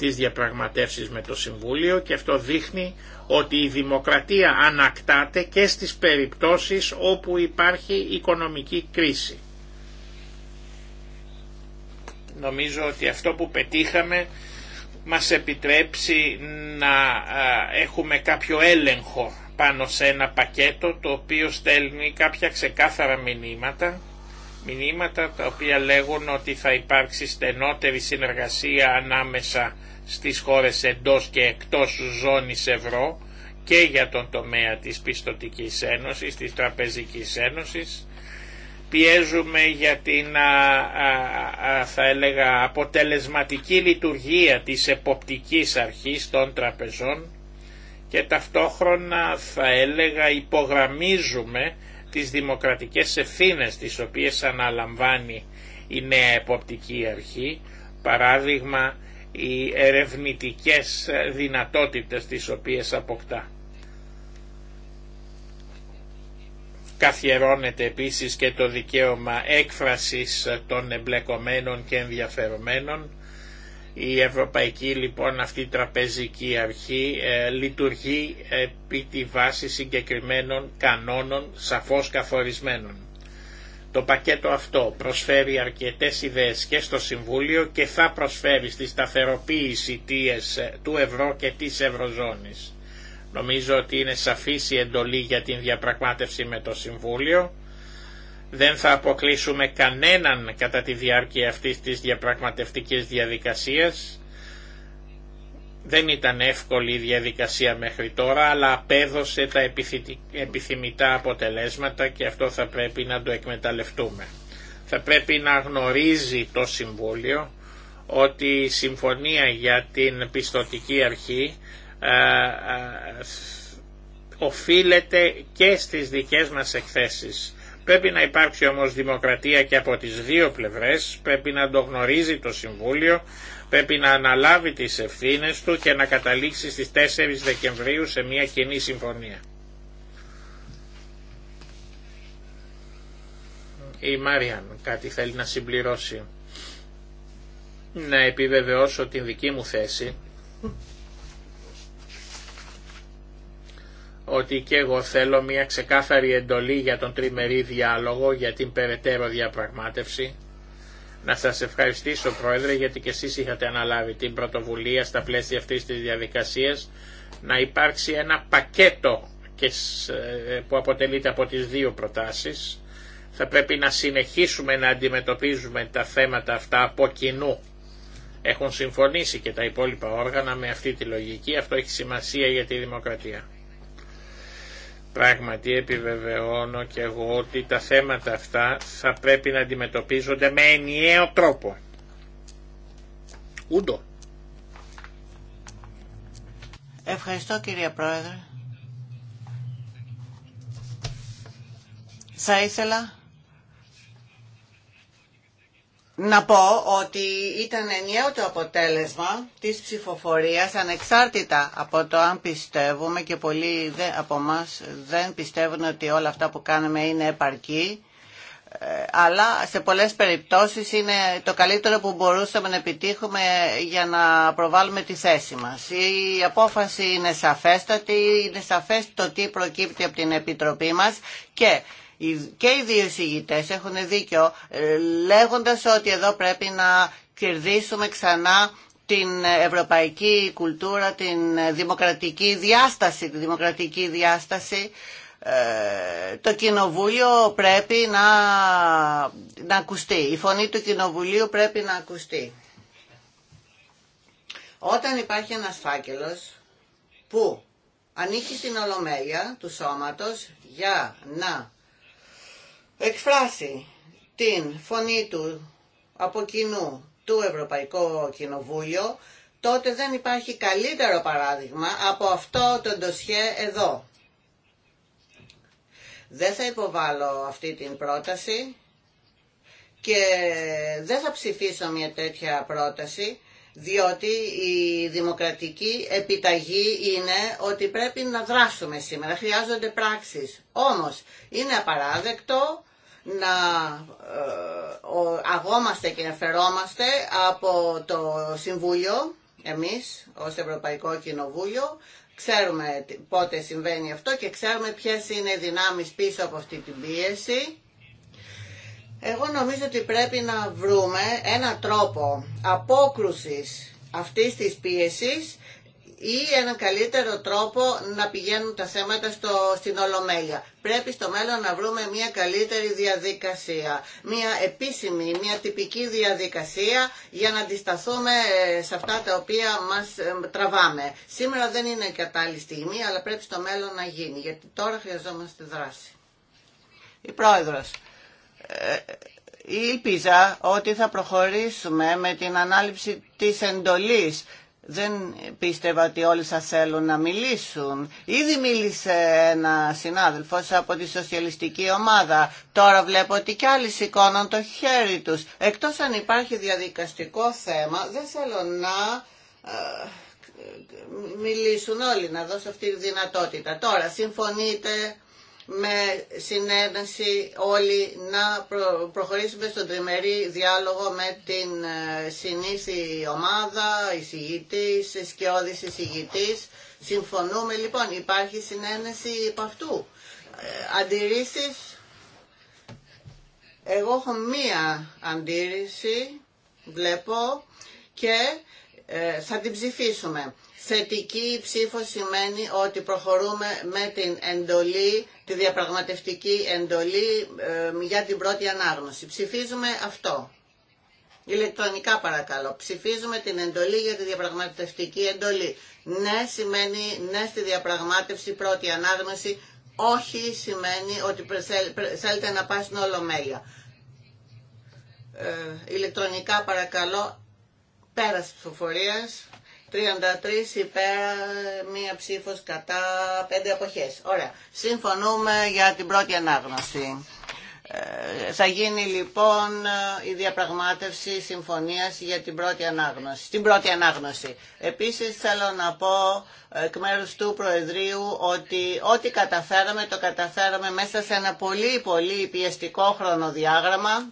τις διαπραγματεύσεις με το Συμβούλιο και αυτό δείχνει ότι η δημοκρατία ανακτάται και στις περιπτώσεις όπου υπάρχει οικονομική κρίση. Νομίζω ότι αυτό που πετύχαμε μας επιτρέψει να έχουμε κάποιο έλεγχο πάνω σε ένα πακέτο το οποίο στέλνει κάποια ξεκάθαρα μηνύματα μηνύματα τα οποία λέγουν ότι θα υπάρξει στενότερη συνεργασία ανάμεσα στις χώρες εντός και εκτός ζώνης ευρώ και για τον τομέα της Πιστοτικής Ένωσης, της Τραπεζικής Ένωσης. Πιέζουμε για την, θα έλεγα, αποτελεσματική λειτουργία της εποπτικής αρχής των τραπεζών και ταυτόχρονα θα έλεγα υπογραμμίζουμε τις δημοκρατικές ευθύνες τις οποίες αναλαμβάνει η νέα εποπτική αρχή, παράδειγμα οι ερευνητικές δυνατότητες τις οποίες αποκτά. Καθιερώνεται επίσης και το δικαίωμα έκφρασης των εμπλεκομένων και ενδιαφερομένων. Η Ευρωπαϊκή λοιπόν αυτή τραπεζική αρχή ε, λειτουργεί επί τη βάση συγκεκριμένων κανόνων σαφώς καθορισμένων. Το πακέτο αυτό προσφέρει αρκετές ιδέες και στο Συμβούλιο και θα προσφέρει στη σταθεροποίηση του ευρώ και της ευρωζώνης. Νομίζω ότι είναι σαφής η εντολή για την διαπραγμάτευση με το Συμβούλιο. Δεν θα αποκλείσουμε κανέναν κατά τη διάρκεια αυτής της διαπραγματευτικής διαδικασίας δεν ήταν εύκολη η διαδικασία μέχρι τώρα, αλλά απέδωσε τα επιθυμητά αποτελέσματα και αυτό θα πρέπει να το εκμεταλλευτούμε. Θα πρέπει να γνωρίζει το Συμβούλιο ότι η Συμφωνία για την Πιστοτική Αρχή ε, ε, οφείλεται και στις δικές μας εκθέσεις. Πρέπει να υπάρξει όμως δημοκρατία και από τις δύο πλευρές, πρέπει να το γνωρίζει το Συμβούλιο, πρέπει να αναλάβει τις ευθύνες του και να καταλήξει στις 4 Δεκεμβρίου σε μια κοινή συμφωνία. Η Μάριαν κάτι θέλει να συμπληρώσει. Να επιβεβαιώσω την δική μου θέση ότι και εγώ θέλω μια ξεκάθαρη εντολή για τον τριμερή διάλογο, για την περαιτέρω διαπραγμάτευση να σας ευχαριστήσω Πρόεδρε γιατί και εσείς είχατε αναλάβει την πρωτοβουλία στα πλαίσια αυτής της διαδικασίας να υπάρξει ένα πακέτο ε, που αποτελείται από τις δύο προτάσεις. Θα πρέπει να συνεχίσουμε να αντιμετωπίζουμε τα θέματα αυτά από κοινού. Έχουν συμφωνήσει και τα υπόλοιπα όργανα με αυτή τη λογική. Αυτό έχει σημασία για τη δημοκρατία. Πράγματι επιβεβαιώνω και εγώ ότι τα θέματα αυτά θα πρέπει να αντιμετωπίζονται με ενιαίο τρόπο. Ευχαριστώ κύριε Πρόεδρε. Θα ήθελα να πω ότι ήταν ενιαίο το αποτέλεσμα της ψηφοφορίας ανεξάρτητα από το αν πιστεύουμε και πολλοί από εμά δεν πιστεύουν ότι όλα αυτά που κάνουμε είναι επαρκή ε, αλλά σε πολλές περιπτώσεις είναι το καλύτερο που μπορούσαμε να επιτύχουμε για να προβάλλουμε τη θέση μας. Η απόφαση είναι σαφέστατη, είναι σαφές το τι προκύπτει από την Επιτροπή μας και και οι δύο έχουν δίκιο ε, λέγοντας ότι εδώ πρέπει να κερδίσουμε ξανά την ευρωπαϊκή κουλτούρα, την δημοκρατική διάσταση, τη δημοκρατική διάσταση. Ε, το κοινοβούλιο πρέπει να, να ακουστεί. Η φωνή του κοινοβουλίου πρέπει να ακουστεί. Όταν υπάρχει ένας φάκελος που ανήκει στην ολομέλεια του σώματος για να εκφράσει την φωνή του από κοινού του Ευρωπαϊκού Κοινοβούλιο, τότε δεν υπάρχει καλύτερο παράδειγμα από αυτό το ντοσιέ εδώ. Δεν θα υποβάλω αυτή την πρόταση και δεν θα ψηφίσω μια τέτοια πρόταση, διότι η δημοκρατική επιταγή είναι ότι πρέπει να δράσουμε σήμερα, χρειάζονται πράξεις. Όμως είναι απαράδεκτο να ε, αγόμαστε και να από το Συμβούλιο, εμείς ως Ευρωπαϊκό Κοινοβούλιο, ξέρουμε πότε συμβαίνει αυτό και ξέρουμε ποιες είναι οι δυνάμεις πίσω από αυτή την πίεση. Εγώ νομίζω ότι πρέπει να βρούμε ένα τρόπο απόκρουσης αυτής της πίεσης ή έναν καλύτερο τρόπο να πηγαίνουν τα θέματα στο, στην Ολομέλεια. Πρέπει στο μέλλον να βρούμε μια καλύτερη διαδικασία, μια επίσημη, μια τυπική διαδικασία για να αντισταθούμε ε, σε αυτά τα οποία μας ε, τραβάμε. Σήμερα δεν είναι η κατάλληλη στιγμή, αλλά πρέπει στο μέλλον να γίνει, γιατί τώρα χρειαζόμαστε δράση. Η Πρόεδρος, ήλπιζα ε, ότι θα προχωρήσουμε με την ανάληψη της εντολής δεν πίστευα ότι όλοι σας θέλουν να μιλήσουν. Ήδη μίλησε ένα συνάδελφος από τη σοσιαλιστική ομάδα. Τώρα βλέπω ότι κι άλλοι σηκώναν το χέρι τους. Εκτός αν υπάρχει διαδικαστικό θέμα, δεν θέλω να ε, μιλήσουν όλοι, να δώσω αυτή τη δυνατότητα. Τώρα, συμφωνείτε με συνένεση όλοι να προχωρήσουμε στον τριμερή διάλογο με την ε, συνήθη ομάδα, εισηγητής, σκιώδης εισηγητής. Συμφωνούμε λοιπόν, υπάρχει συνένεση υπ' αυτού. Ε, αντιρρήσεις, εγώ έχω μία αντίρρηση, βλέπω, και ε, θα την ψηφίσουμε. Θετική ψήφο σημαίνει ότι προχωρούμε με την εντολή, τη διαπραγματευτική εντολή για την πρώτη ανάγνωση. Ψηφίζουμε αυτό. Ηλεκτρονικά παρακαλώ. Ψηφίζουμε την εντολή για τη διαπραγματευτική εντολή. Ναι σημαίνει ναι στη διαπραγμάτευση πρώτη ανάγνωση. Όχι σημαίνει ότι θέλετε να πάει στην Ολομέλεια. Ε, ηλεκτρονικά παρακαλώ. Πέρας ψηφοφορίας. 33 υπέρ, μία ψήφος κατά, πέντε εποχές. Ωραία. Συμφωνούμε για την πρώτη ανάγνωση. Ε, θα γίνει λοιπόν ε, η διαπραγμάτευση συμφωνίας για την πρώτη ανάγνωση. Την πρώτη ανάγνωση. Επίσης θέλω να πω εκ μέρους του Προεδρείου ότι ό,τι καταφέραμε το καταφέραμε μέσα σε ένα πολύ πολύ πιεστικό χρονοδιάγραμμα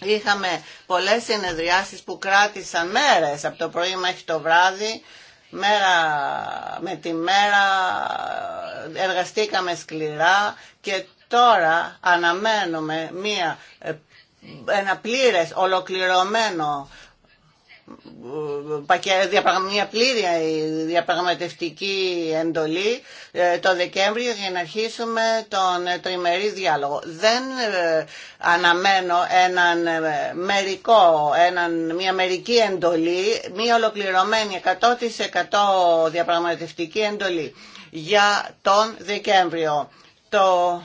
Είχαμε πολλές συνεδριάσεις που κράτησαν μέρες από το πρωί μέχρι το βράδυ. Μέρα με τη μέρα ε, εργαστήκαμε σκληρά και τώρα αναμένουμε μία, ε, ένα πλήρες ολοκληρωμένο μια πλήρη ε, διαπραγματευτική εντολή ε, το Δεκέμβριο για να αρχίσουμε τον τριμερή διάλογο. Δεν ε, αναμένω έναν μερικό, έναν, μια μερική εντολή, μια ολοκληρωμένη 100% διαπραγματευτική εντολή για τον Δεκέμβριο. Το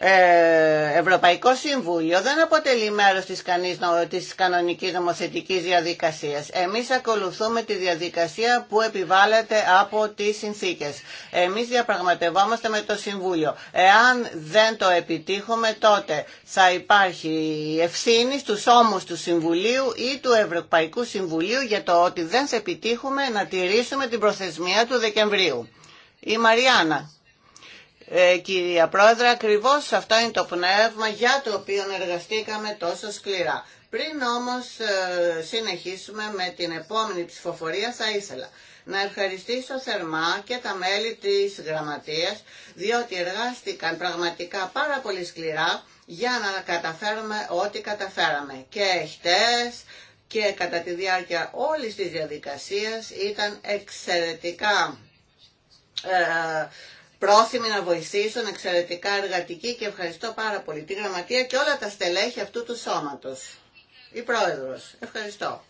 ε, Ευρωπαϊκό Συμβούλιο δεν αποτελεί μέρος της, κανείς, της κανονικής νομοθετικής διαδικασίας. Εμείς ακολουθούμε τη διαδικασία που επιβάλλεται από τις συνθήκες. Εμείς διαπραγματευόμαστε με το Συμβούλιο. Εάν δεν το επιτύχουμε τότε θα υπάρχει ευθύνη στους ώμους του Συμβουλίου ή του Ευρωπαϊκού Συμβουλίου για το ότι δεν θα επιτύχουμε να τηρήσουμε την προθεσμία του Δεκεμβρίου. Η Μαριάννα. Ε, κυρία Πρόεδρε, ακριβώς αυτό είναι το πνεύμα για το οποίο εργαστήκαμε τόσο σκληρά. Πριν όμως ε, συνεχίσουμε με την επόμενη ψηφοφορία θα ήθελα να ευχαριστήσω θερμά και τα μέλη της γραμματείας διότι εργάστηκαν πραγματικά πάρα πολύ σκληρά για να καταφέρουμε ό,τι καταφέραμε. Και χτες και κατά τη διάρκεια όλης της διαδικασίας ήταν εξαιρετικά ε, πρόθυμοι να βοηθήσουν, εξαιρετικά εργατικοί και ευχαριστώ πάρα πολύ τη γραμματεία και όλα τα στελέχη αυτού του σώματος. Η Πρόεδρος, ευχαριστώ.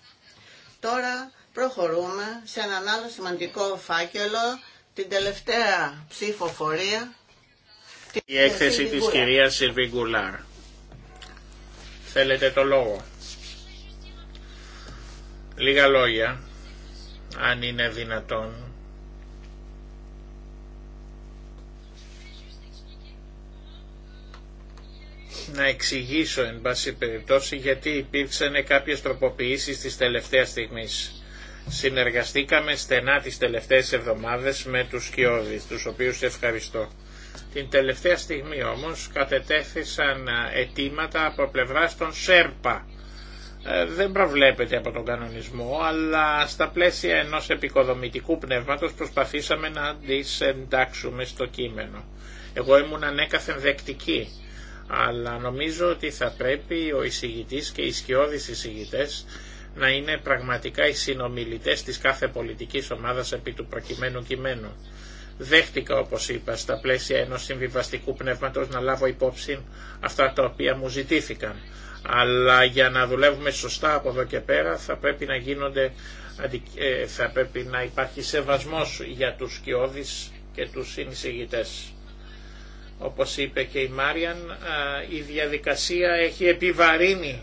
Τώρα προχωρούμε σε έναν άλλο σημαντικό φάκελο, την τελευταία ψηφοφορία. Η έκθεση της κυρίας κυρίας Γκουλάρ. Θέλετε το λόγο. Λίγα λόγια, αν είναι δυνατόν. να εξηγήσω εν πάση περιπτώσει γιατί υπήρξαν κάποιες τροποποιήσεις της τελευταίας στιγμής. Συνεργαστήκαμε στενά τις τελευταίες εβδομάδες με τους Κιώδης, τους οποίους ευχαριστώ. Την τελευταία στιγμή όμως κατετέθησαν ε, αιτήματα από πλευρά των ΣΕΡΠΑ. Ε, δεν προβλέπεται από τον κανονισμό, αλλά στα πλαίσια ενός επικοδομητικού πνεύματος προσπαθήσαμε να τις εντάξουμε στο κείμενο. Εγώ ήμουν ανέκαθεν δεκτική αλλά νομίζω ότι θα πρέπει ο εισηγητής και οι σκιώδεις εισηγητές να είναι πραγματικά οι συνομιλητές της κάθε πολιτικής ομάδας επί του προκειμένου κειμένου. Δέχτηκα, όπως είπα, στα πλαίσια ενός συμβιβαστικού πνεύματος να λάβω υπόψη αυτά τα οποία μου ζητήθηκαν. Αλλά για να δουλεύουμε σωστά από εδώ και πέρα θα πρέπει να, ε, θα πρέπει να υπάρχει σεβασμός για τους σκιώδεις και τους συνεισηγητές. Όπως είπε και η Μάριαν, η διαδικασία έχει επιβαρύνει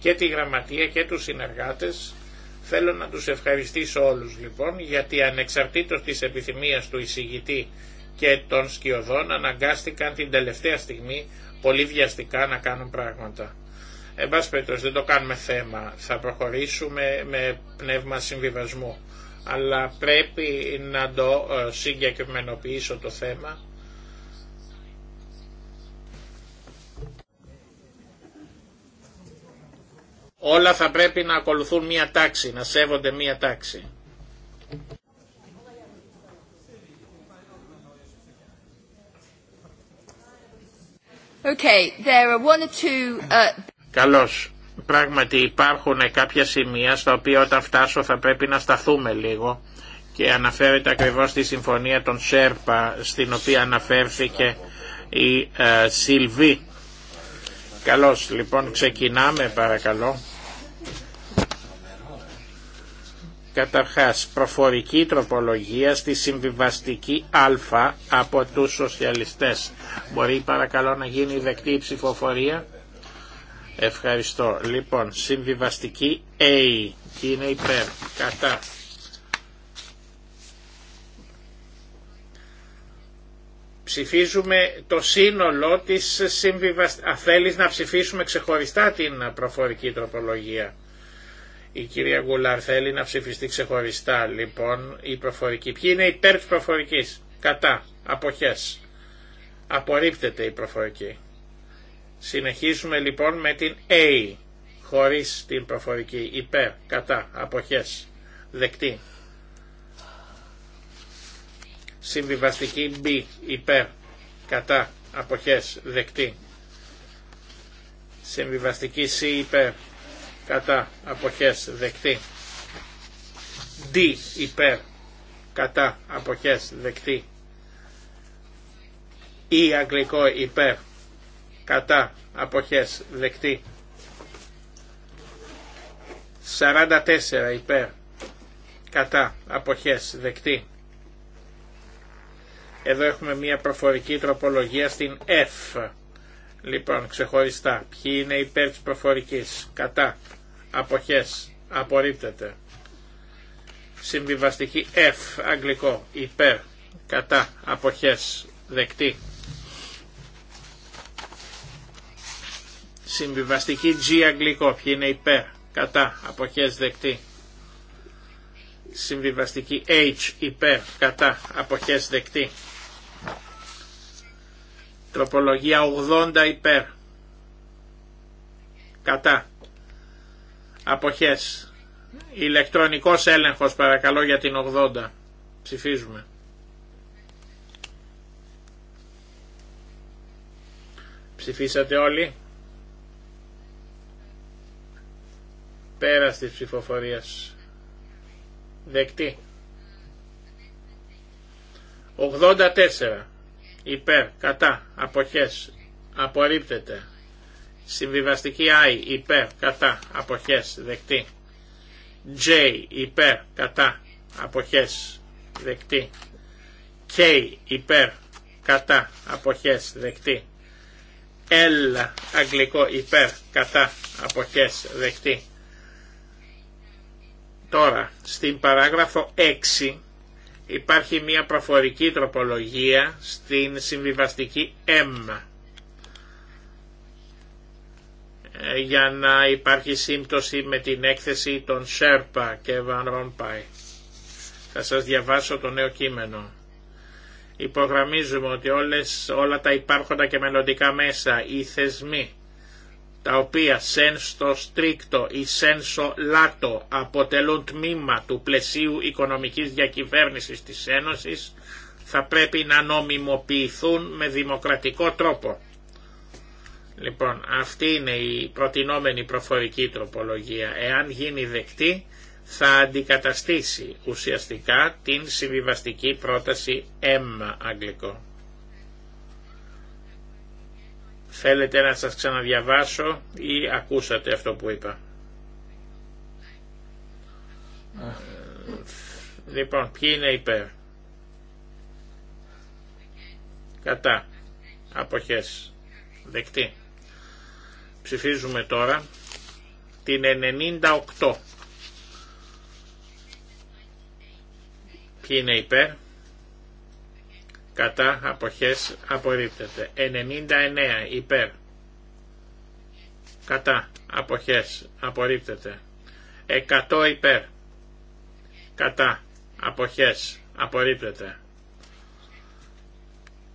και τη γραμματεία και τους συνεργάτες. Θέλω να τους ευχαριστήσω όλους λοιπόν, γιατί ανεξαρτήτως της επιθυμίας του εισηγητή και των σκιωδών αναγκάστηκαν την τελευταία στιγμή πολύ βιαστικά να κάνουν πράγματα. Εν δεν το κάνουμε θέμα, θα προχωρήσουμε με πνεύμα συμβιβασμού. Αλλά πρέπει να το ε, συγκεκριμενοποιήσω το θέμα όλα θα πρέπει να ακολουθούν μία τάξη, να σέβονται μία τάξη. Okay, there are one or two, uh, Καλώς. Πράγματι υπάρχουν κάποια σημεία στα οποία όταν φτάσω θα πρέπει να σταθούμε λίγο και αναφέρεται ακριβώς στη συμφωνία των Σέρπα στην οποία αναφέρθηκε η ε, Σιλβί. Σιλβή. Καλώς. Λοιπόν ξεκινάμε παρακαλώ. Καταρχάς, προφορική τροπολογία στη συμβιβαστική Α από τους σοσιαλιστές. Μπορεί παρακαλώ να γίνει δεκτή η ψηφοφορία. Ευχαριστώ. Λοιπόν, συμβιβαστική Α. Τι είναι υπέρ. Κατά. Ψηφίζουμε το σύνολο της συμβιβαστικής... Θέλεις να ψηφίσουμε ξεχωριστά την προφορική τροπολογία. Η κυρία Γκουλάρ θέλει να ψηφιστεί ξεχωριστά λοιπόν η προφορική. Ποιοι είναι υπέρ της προφορικής. Κατά. Αποχές. Απορρίπτεται η προφορική. Συνεχίζουμε λοιπόν με την A. Χωρίς την προφορική. Υπέρ. Κατά. Αποχές. Δεκτή. Συμβιβαστική B. Υπέρ. Κατά. Αποχές. Δεκτή. Συμβιβαστική C. Υπέρ κατά αποχές δεκτή. D υπέρ κατά αποχές δεκτή. Ή e, αγγλικό υπέρ κατά αποχές δεκτή. 44 υπέρ κατά αποχές δεκτή. Εδώ έχουμε μια προφορική τροπολογία στην F. Λοιπόν, ξεχωριστά. Ποιοι είναι υπέρ της προφορικής. Κατά αποχές, απορρίπτεται. Συμβιβαστική F, αγγλικό, υπέρ, κατά, αποχές, δεκτή. Συμβιβαστική G, αγγλικό, ποιοι είναι υπέρ, κατά, αποχές, δεκτή. Συμβιβαστική H, υπέρ, κατά, αποχές, δεκτή. Τροπολογία 80 υπέρ. Κατά. Αποχές. Ηλεκτρονικός έλεγχος παρακαλώ για την 80. Ψηφίζουμε. Ψηφίσατε όλοι. Πέρας ψηφοφορίας. Δεκτή. 84. Υπέρ. Κατά. Αποχές. Απορρίπτεται. Συμβιβαστική I υπέρ κατά αποχές δεκτή. J υπέρ κατά αποχές δεκτή. K υπέρ κατά αποχές δεκτή. L αγγλικό υπέρ κατά αποχές δεκτή. Τώρα στην παράγραφο 6 υπάρχει μια προφορική τροπολογία στην συμβιβαστική M ε, για να υπάρχει σύμπτωση με την έκθεση των Σέρπα και Βαν Θα σας διαβάσω το νέο κείμενο. Υπογραμμίζουμε ότι όλες, όλα τα υπάρχοντα και μελλοντικά μέσα, οι θεσμοί, τα οποία σένστο στρίκτο ή σένσο λάτο αποτελούν τμήμα του πλαισίου οικονομικής διακυβέρνησης της Ένωσης, θα πρέπει να νομιμοποιηθούν με δημοκρατικό τρόπο Λοιπόν, αυτή είναι η προτινόμενη προφορική τροπολογία. Εάν γίνει δεκτή, θα αντικαταστήσει ουσιαστικά την συμβιβαστική πρόταση M αγγλικό. Θέλετε να σας ξαναδιαβάσω ή ακούσατε αυτό που είπα. Λοιπόν, ποιοι είναι υπέρ. Κατά. Αποχές. Δεκτή. Ψηφίζουμε τώρα την 98. Ποιοι είναι υπέρ. Κατά αποχές απορρίπτεται. 99 υπέρ. Κατά αποχές απορρίπτεται. 100 υπέρ. Κατά αποχές απορρίπτεται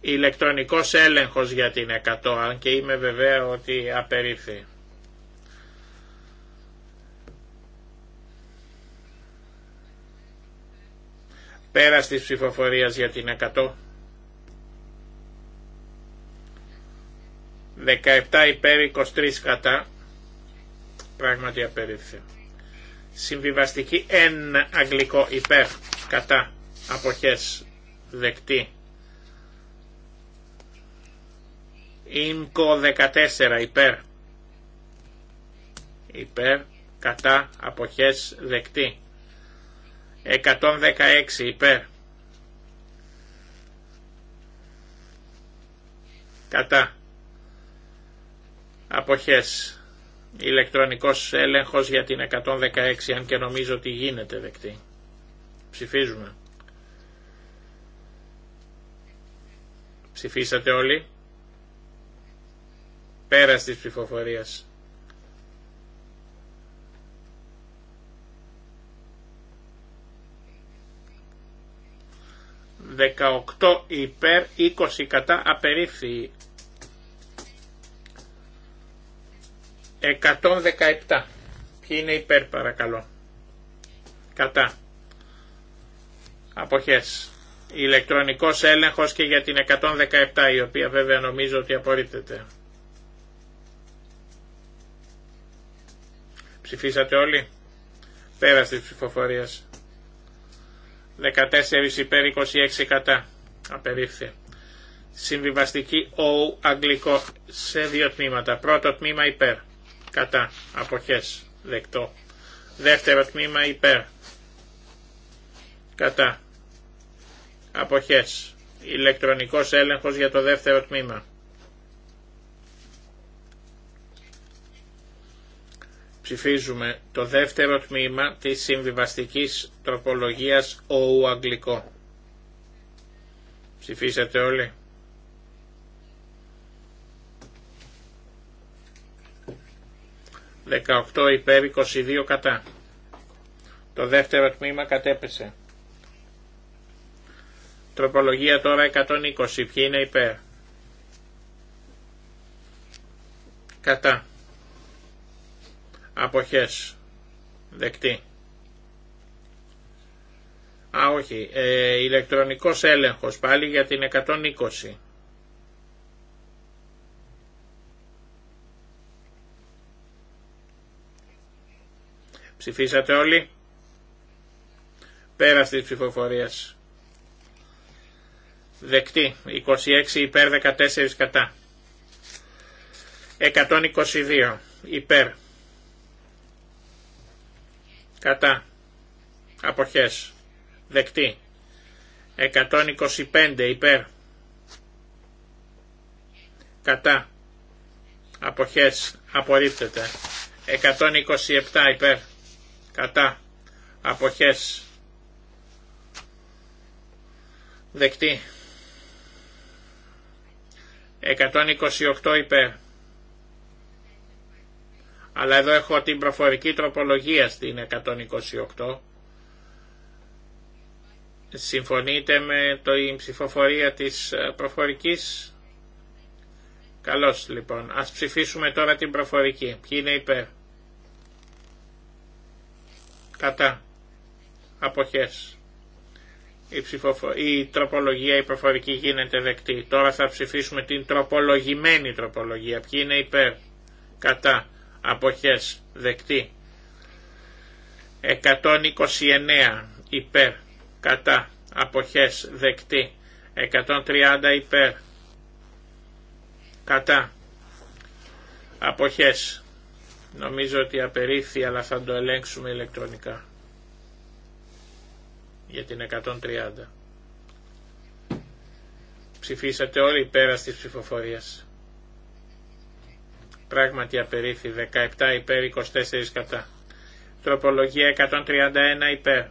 ηλεκτρονικός έλεγχος για την 100 αν και είμαι βέβαια ότι απερίφθη. Πέρα της ψηφοφορίας για την 100. 17 υπέρ 23 κατά. Πράγματι απερίφθη. Συμβιβαστική εν αγγλικό υπέρ κατά αποχές δεκτή. ΥΜΚΟ 14 υπέρ. Υπέρ. Κατά. Αποχές δεκτή. 116 υπέρ. Κατά. Αποχές. Ηλεκτρονικός έλεγχος για την 116 αν και νομίζω ότι γίνεται δεκτή. Ψηφίζουμε. Ψηφίσατε όλοι. Πέρας της ψηφοφορίας. Δεκαοκτώ υπέρ, 20 κατά απερίφθη. 117. Ποιοι είναι υπέρ παρακαλώ. Κατά. Αποχές. Ηλεκτρονικός έλεγχος και για την 117 η οποία βέβαια νομίζω ότι απορρίπτεται. Ψηφίσατε όλοι. Πέρασε τη ψηφοφορία. 14 υπέρ 26 κατά. Απερίφθη. Συμβιβαστική ο αγγλικό σε δύο τμήματα. Πρώτο τμήμα υπέρ. Κατά. Αποχές. Δεκτό. Δεύτερο τμήμα υπέρ. Κατά. Αποχές. Ηλεκτρονικός έλεγχος για το δεύτερο τμήμα. Ψηφίζουμε το δεύτερο τμήμα της συμβιβαστικής τροπολογίας ΟΟΥ Αγγλικό. Ψηφίσατε όλοι. 18 υπέρ 22 κατά. Το δεύτερο τμήμα κατέπεσε. Τροπολογία τώρα 120. Ποιοι είναι υπέρ. Κατά. Αποχές. Δεκτή. Α, όχι. Ε, ηλεκτρονικός έλεγχος πάλι για την 120. Ψηφίσατε όλοι. Πέρα της ψηφοφορίας. Δεκτή. 26 υπέρ 14 κατά. 122 υπέρ κατά αποχές δεκτή 125 υπέρ κατά αποχές απορρίπτεται 127 υπέρ κατά αποχές δεκτή 128 υπέρ αλλά εδώ έχω την προφορική τροπολογία στην 128. Συμφωνείτε με το, η ψηφοφορία της ε, προφορικής. Καλώς λοιπόν. Ας ψηφίσουμε τώρα την προφορική. Ποιοι είναι υπέρ. Κατά. Αποχές. Η, ψηφοφο... η τροπολογία, η προφορική γίνεται δεκτή. Τώρα θα ψηφίσουμε την τροπολογημένη τροπολογία. Ποιοι είναι υπέρ. Κατά αποχές δεκτή 129 υπέρ κατά αποχές δεκτή 130 υπέρ κατά αποχές νομίζω ότι απερίφθη αλλά θα το ελέγξουμε ηλεκτρονικά για την 130 ψηφίσατε όλοι πέρα της ψηφοφορίας Πράγματι απερίφθη 17 υπέρ 24 κατά. Τροπολογία 131 υπέρ.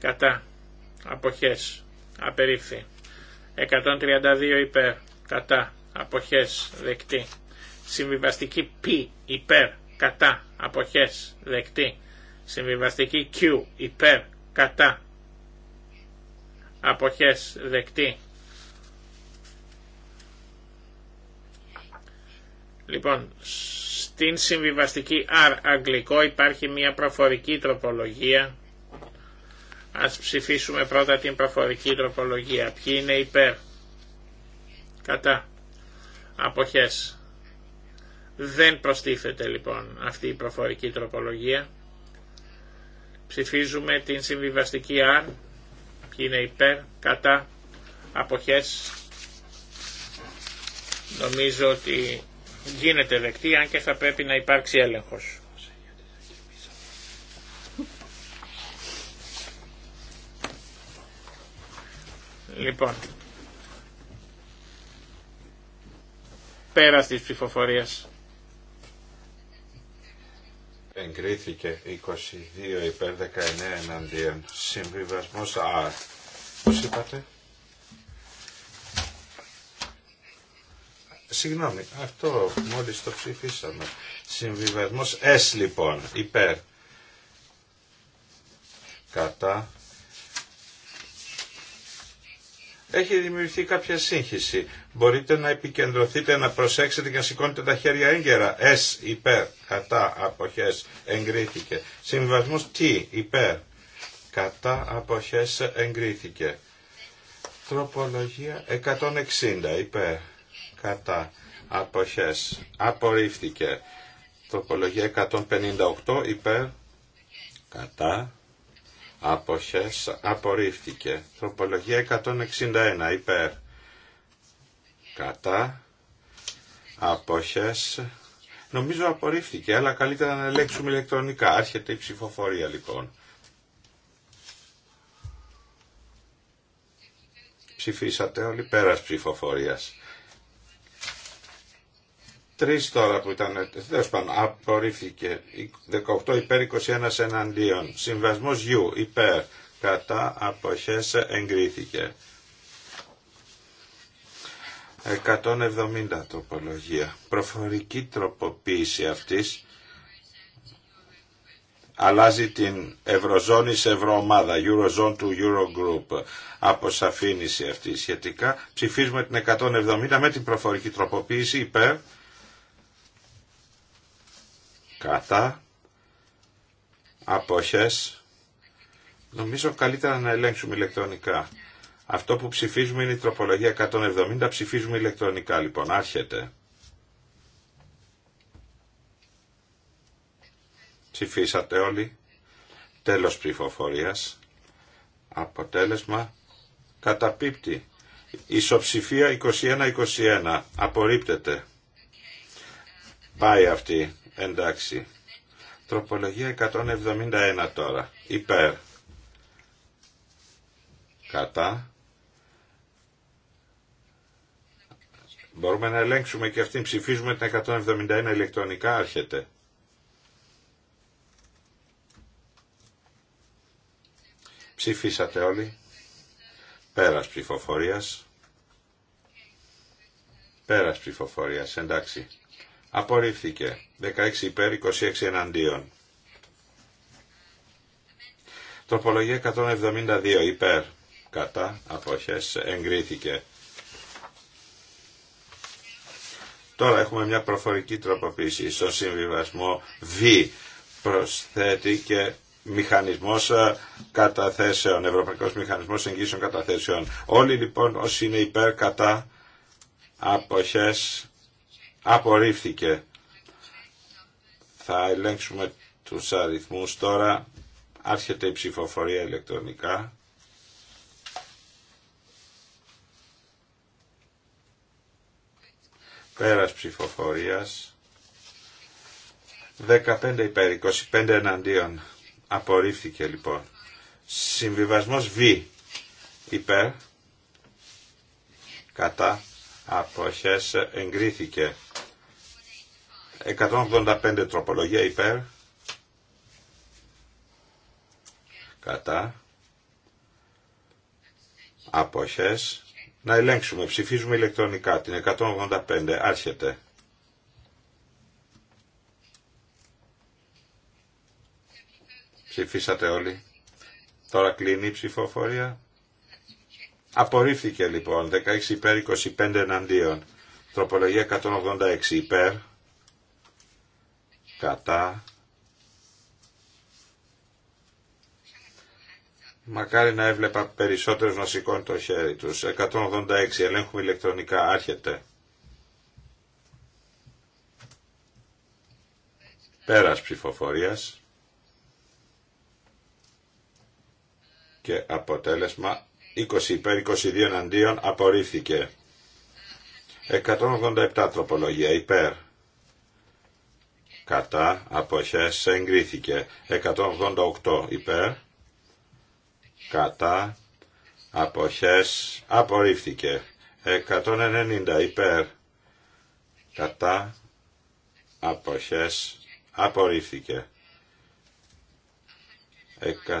Κατά. Αποχές. Απερίφθη. 132 υπέρ. Κατά. Αποχές. Δεκτή. Συμβιβαστική π υπέρ. Κατά. Αποχές. Δεκτή. Συμβιβαστική Q υπέρ. Κατά. Αποχές. Δεκτή. Λοιπόν, στην συμβιβαστική R αγγλικό υπάρχει μια προφορική τροπολογία. Ας ψηφίσουμε πρώτα την προφορική τροπολογία. Ποιοι είναι υπέρ. Κατά. Αποχές. Δεν προστίθεται λοιπόν αυτή η προφορική τροπολογία. Ψηφίζουμε την συμβιβαστική R. Ποιοι είναι υπέρ. Κατά. Αποχές. Νομίζω ότι γίνεται δεκτή αν και θα πρέπει να υπάρξει έλεγχος. Λοιπόν, πέρα της ψηφοφορίας. Εγκρίθηκε 22 υπέρ 19 εναντίον. Συμβιβασμός Α. Πώς είπατε? Συγγνώμη, αυτό μόλις το ψηφίσαμε. Συμβιβασμός S λοιπόν, υπέρ. Κατά. Έχει δημιουργηθεί κάποια σύγχυση. Μπορείτε να επικεντρωθείτε, να προσέξετε και να σηκώνετε τα χέρια έγκαιρα. S υπέρ, κατά, αποχές, εγκρίθηκε. Συμβιβασμός T υπέρ, κατά, αποχές, εγκρίθηκε. Τροπολογία 160 υπέρ κατά αποχές απορρίφθηκε τροπολογία 158 υπέρ κατά αποχές απορρίφθηκε τροπολογία 161 υπέρ κατά αποχές νομίζω απορρίφθηκε αλλά καλύτερα να ελέγξουμε ηλεκτρονικά άρχεται η ψηφοφορία λοιπόν ψηφίσατε όλοι πέρας ψηφοφορίας Τρει τώρα που ήταν, τέλο πάντων, απορρίφθηκε. 18 υπέρ, 21 εναντίον. Συμβασμός U υπέρ, κατά αποχές εγκρίθηκε. 170 τοπολογία. Προφορική τροποποίηση αυτής αλλάζει την Ευρωζώνη σε Ευρωομάδα, Eurozone to Eurogroup. Αποσαφήνιση αυτή σχετικά. Ψηφίζουμε την 170 με την προφορική τροποποίηση υπέρ κατά, αποχές, νομίζω καλύτερα να ελέγξουμε ηλεκτρονικά. Αυτό που ψηφίζουμε είναι η τροπολογία 170, ψηφίζουμε ηλεκτρονικά λοιπόν, άρχεται. Ψηφίσατε όλοι, τέλος ψηφοφορίας, αποτέλεσμα, καταπίπτει. Ισοψηφία 21-21. Απορρίπτεται. Πάει αυτή. Εντάξει. Τροπολογία 171 τώρα. Υπέρ. Κατά. Μπορούμε να ελέγξουμε και αυτήν ψηφίζουμε την 171 ηλεκτρονικά άρχεται. Ψηφίσατε όλοι. Πέρας ψηφοφορίας. Πέρας ψηφοφορίας. Εντάξει. Απορρίφθηκε. 16 υπέρ, 26 εναντίον. Τροπολογία 172 υπέρ. Κατά αποχές εγκρίθηκε. Τώρα έχουμε μια προφορική τροποποίηση στον συμβιβασμό Β προσθέτει και μηχανισμός ε, καταθέσεων, ευρωπαϊκός μηχανισμός εγγύσεων καταθέσεων. Όλοι λοιπόν όσοι είναι υπέρ κατά αποχές Απορρίφθηκε. Θα ελέγξουμε τους αριθμούς τώρα. Άρχεται η ψηφοφορία ηλεκτρονικά. Πέρας ψηφοφορίας. 15 υπέρ, 25 εναντίον. Απορρίφθηκε λοιπόν. Συμβιβασμός Β υπέρ κατά αποχές εγκρίθηκε. 185 τροπολογία υπέρ. Κατά. Αποχές. Να ελέγξουμε. Ψηφίζουμε ηλεκτρονικά. Την 185. Άρχεται. Ψηφίσατε όλοι. Τώρα κλείνει η ψηφοφορία. Απορρίφθηκε λοιπόν 16 υπέρ 25 εναντίον. Τροπολογία 186 υπέρ κατά Μακάρι να έβλεπα περισσότερους να σηκώνει το χέρι τους. 186 ελέγχουμε ηλεκτρονικά. Άρχεται. Πέρας ψηφοφορίας. Και αποτέλεσμα 20 υπέρ 22 εναντίον απορρίφθηκε. 187 τροπολογία υπέρ κατά αποχές εγκρίθηκε 188 υπέρ κατά αποχές απορρίφθηκε 190 υπέρ κατά αποχές απορρίφθηκε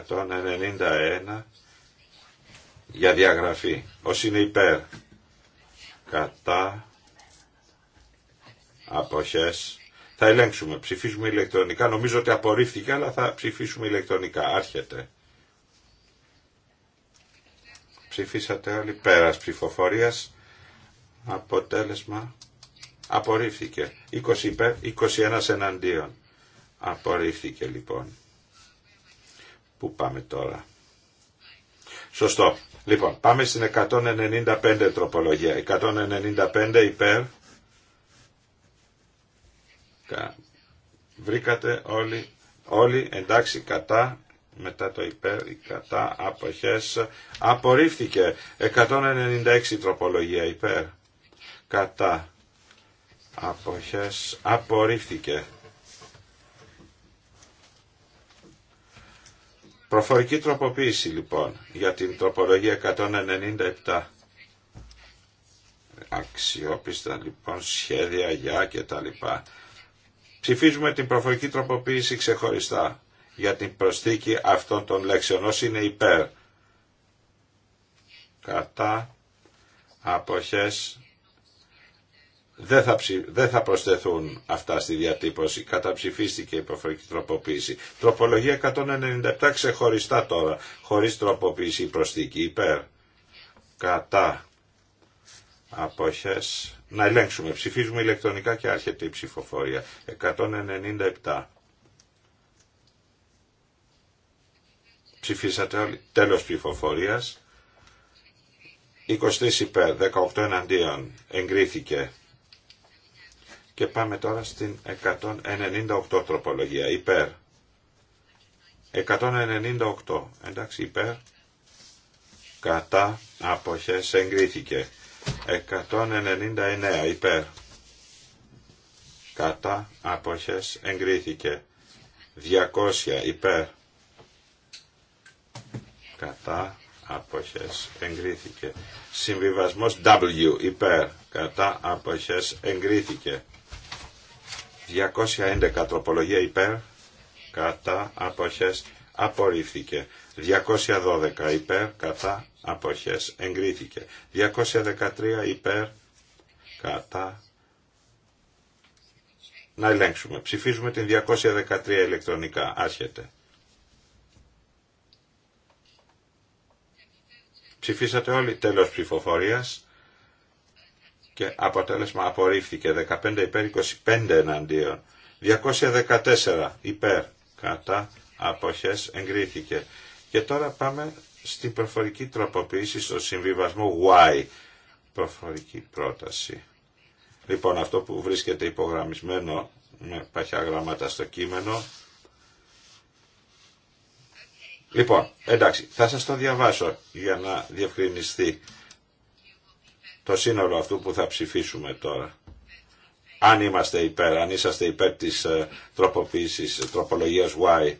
191 για διαγραφή όσοι είναι υπέρ κατά αποχές θα ελέγξουμε. Ψηφίσουμε ηλεκτρονικά. Νομίζω ότι απορρίφθηκε, αλλά θα ψηφίσουμε ηλεκτρονικά. Άρχεται. Ψηφίσατε όλοι πέρας ψηφοφορίας. Αποτέλεσμα. Απορρίφθηκε. 20 υπέρ, 21 εναντίον. Απορρίφθηκε λοιπόν. Πού πάμε τώρα. Σωστό. Λοιπόν, πάμε στην 195 τροπολογία. 195 υπέρ Βρήκατε όλοι, όλοι εντάξει κατά, μετά το υπέρ, κατά, αποχές, απορρίφθηκε. 196 τροπολογία υπέρ, κατά, αποχές, απορρίφθηκε. Προφορική τροποποίηση λοιπόν για την τροπολογία 197 αξιόπιστα λοιπόν σχέδια για και τα λοιπά. Ψηφίζουμε την προφορική τροποποίηση ξεχωριστά για την προσθήκη αυτών των λέξεων. Όσοι είναι υπέρ, κατά, αποχές, δεν θα, προσθεθούν αυτά στη διατύπωση. Καταψηφίστηκε η προφορική τροποποίηση. Τροπολογία 197 ξεχωριστά τώρα, χωρίς τροποποίηση ή προσθήκη. Υπέρ, κατά, αποχές, να ελέγξουμε. Ψηφίζουμε ηλεκτρονικά και άρχεται η ψηφοφορία. 197. Ψηφίσατε όλοι. Τέλος ψηφοφορίας. 23 υπέρ, 18 εναντίον. Εγκρίθηκε. Και πάμε τώρα στην 198 τροπολογία. Υπέρ. 198. Εντάξει, υπέρ. Κατά αποχές εγκρίθηκε. 199 υπέρ. Κατά αποχές εγκρίθηκε. 200 υπέρ. Κατά αποχές εγκρίθηκε. Συμβιβασμός W υπέρ. Κατά αποχές εγκρίθηκε. 211 τροπολογία υπέρ. Κατά αποχές απορρίφθηκε. 212 υπέρ κατά αποχές εγκρίθηκε. 213 υπέρ κατά να ελέγξουμε. Ψηφίζουμε την 213 ηλεκτρονικά. Άρχεται. Ψηφίσατε όλοι τέλος ψηφοφορίας και αποτέλεσμα απορρίφθηκε 15 υπέρ 25 εναντίον. 214 υπέρ κατά αποχές εγκρίθηκε. Και τώρα πάμε στην προφορική τροποποίηση στο συμβιβασμό Y. Προφορική πρόταση. Λοιπόν, αυτό που βρίσκεται υπογραμμισμένο με παχιά γράμματα στο κείμενο. Λοιπόν, εντάξει, θα σας το διαβάσω για να διευκρινιστεί το σύνολο αυτού που θα ψηφίσουμε τώρα. Αν είμαστε υπέρ, αν είσαστε υπέρ της ε, τροποποίησης, τροπολογίας Y,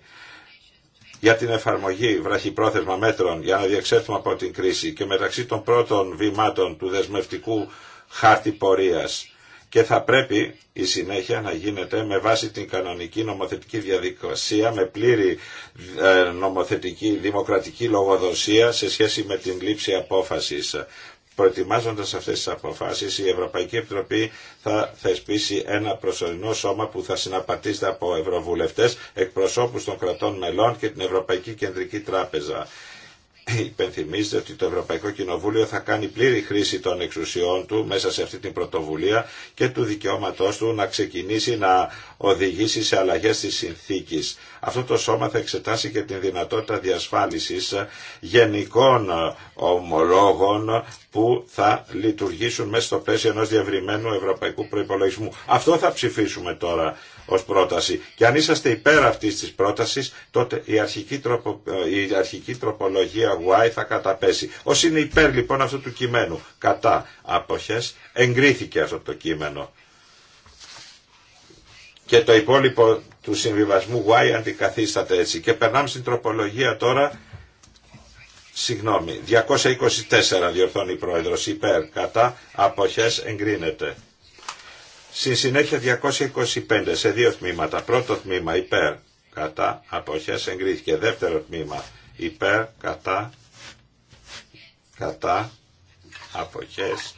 για την εφαρμογή βραχυπρόθεσμα μέτρων για να διεξέλθουμε από την κρίση και μεταξύ των πρώτων βημάτων του δεσμευτικού χάρτη πορείας και θα πρέπει η συνέχεια να γίνεται με βάση την κανονική νομοθετική διαδικασία με πλήρη ε, νομοθετική δημοκρατική λογοδοσία σε σχέση με την λήψη απόφασης. Προετοιμάζοντας αυτές τις αποφάσεις, η Ευρωπαϊκή Επιτροπή θα θεσπίσει ένα προσωρινό σώμα που θα συναπατήσει από ευρωβουλευτές, εκπροσώπους των κρατών μελών και την Ευρωπαϊκή Κεντρική Τράπεζα. Υπενθυμίζεται ότι το Ευρωπαϊκό Κοινοβούλιο θα κάνει πλήρη χρήση των εξουσιών του μέσα σε αυτή την πρωτοβουλία και του δικαιώματός του να ξεκινήσει να οδηγήσει σε αλλαγές της συνθήκης. Αυτό το σώμα θα εξετάσει και την δυνατότητα διασφάλισης γενικών ομολόγων που θα λειτουργήσουν μέσα στο πλαίσιο ενός διευρυμένου ευρωπαϊκού προϋπολογισμού. Αυτό θα ψηφίσουμε τώρα ως πρόταση. Και αν είσαστε υπέρ αυτής της πρότασης, τότε η αρχική, τροπο, ε, η αρχική τροπολογία Y θα καταπέσει. Όσοι είναι υπέρ λοιπόν αυτού του κειμένου, κατά αποχές, εγκρίθηκε αυτό το κείμενο. Και το υπόλοιπο του συμβιβασμού Y αντικαθίσταται έτσι. Και περνάμε στην τροπολογία τώρα Συγγνώμη, 224 διορθώνει η πρόεδρος υπέρ, κατά, αποχές εγκρίνεται. Στη συνέχεια 225 σε δύο τμήματα. Πρώτο τμήμα υπέρ κατά αποχές εγκρίθηκε. Δεύτερο τμήμα υπέρ κατά κατά αποχές.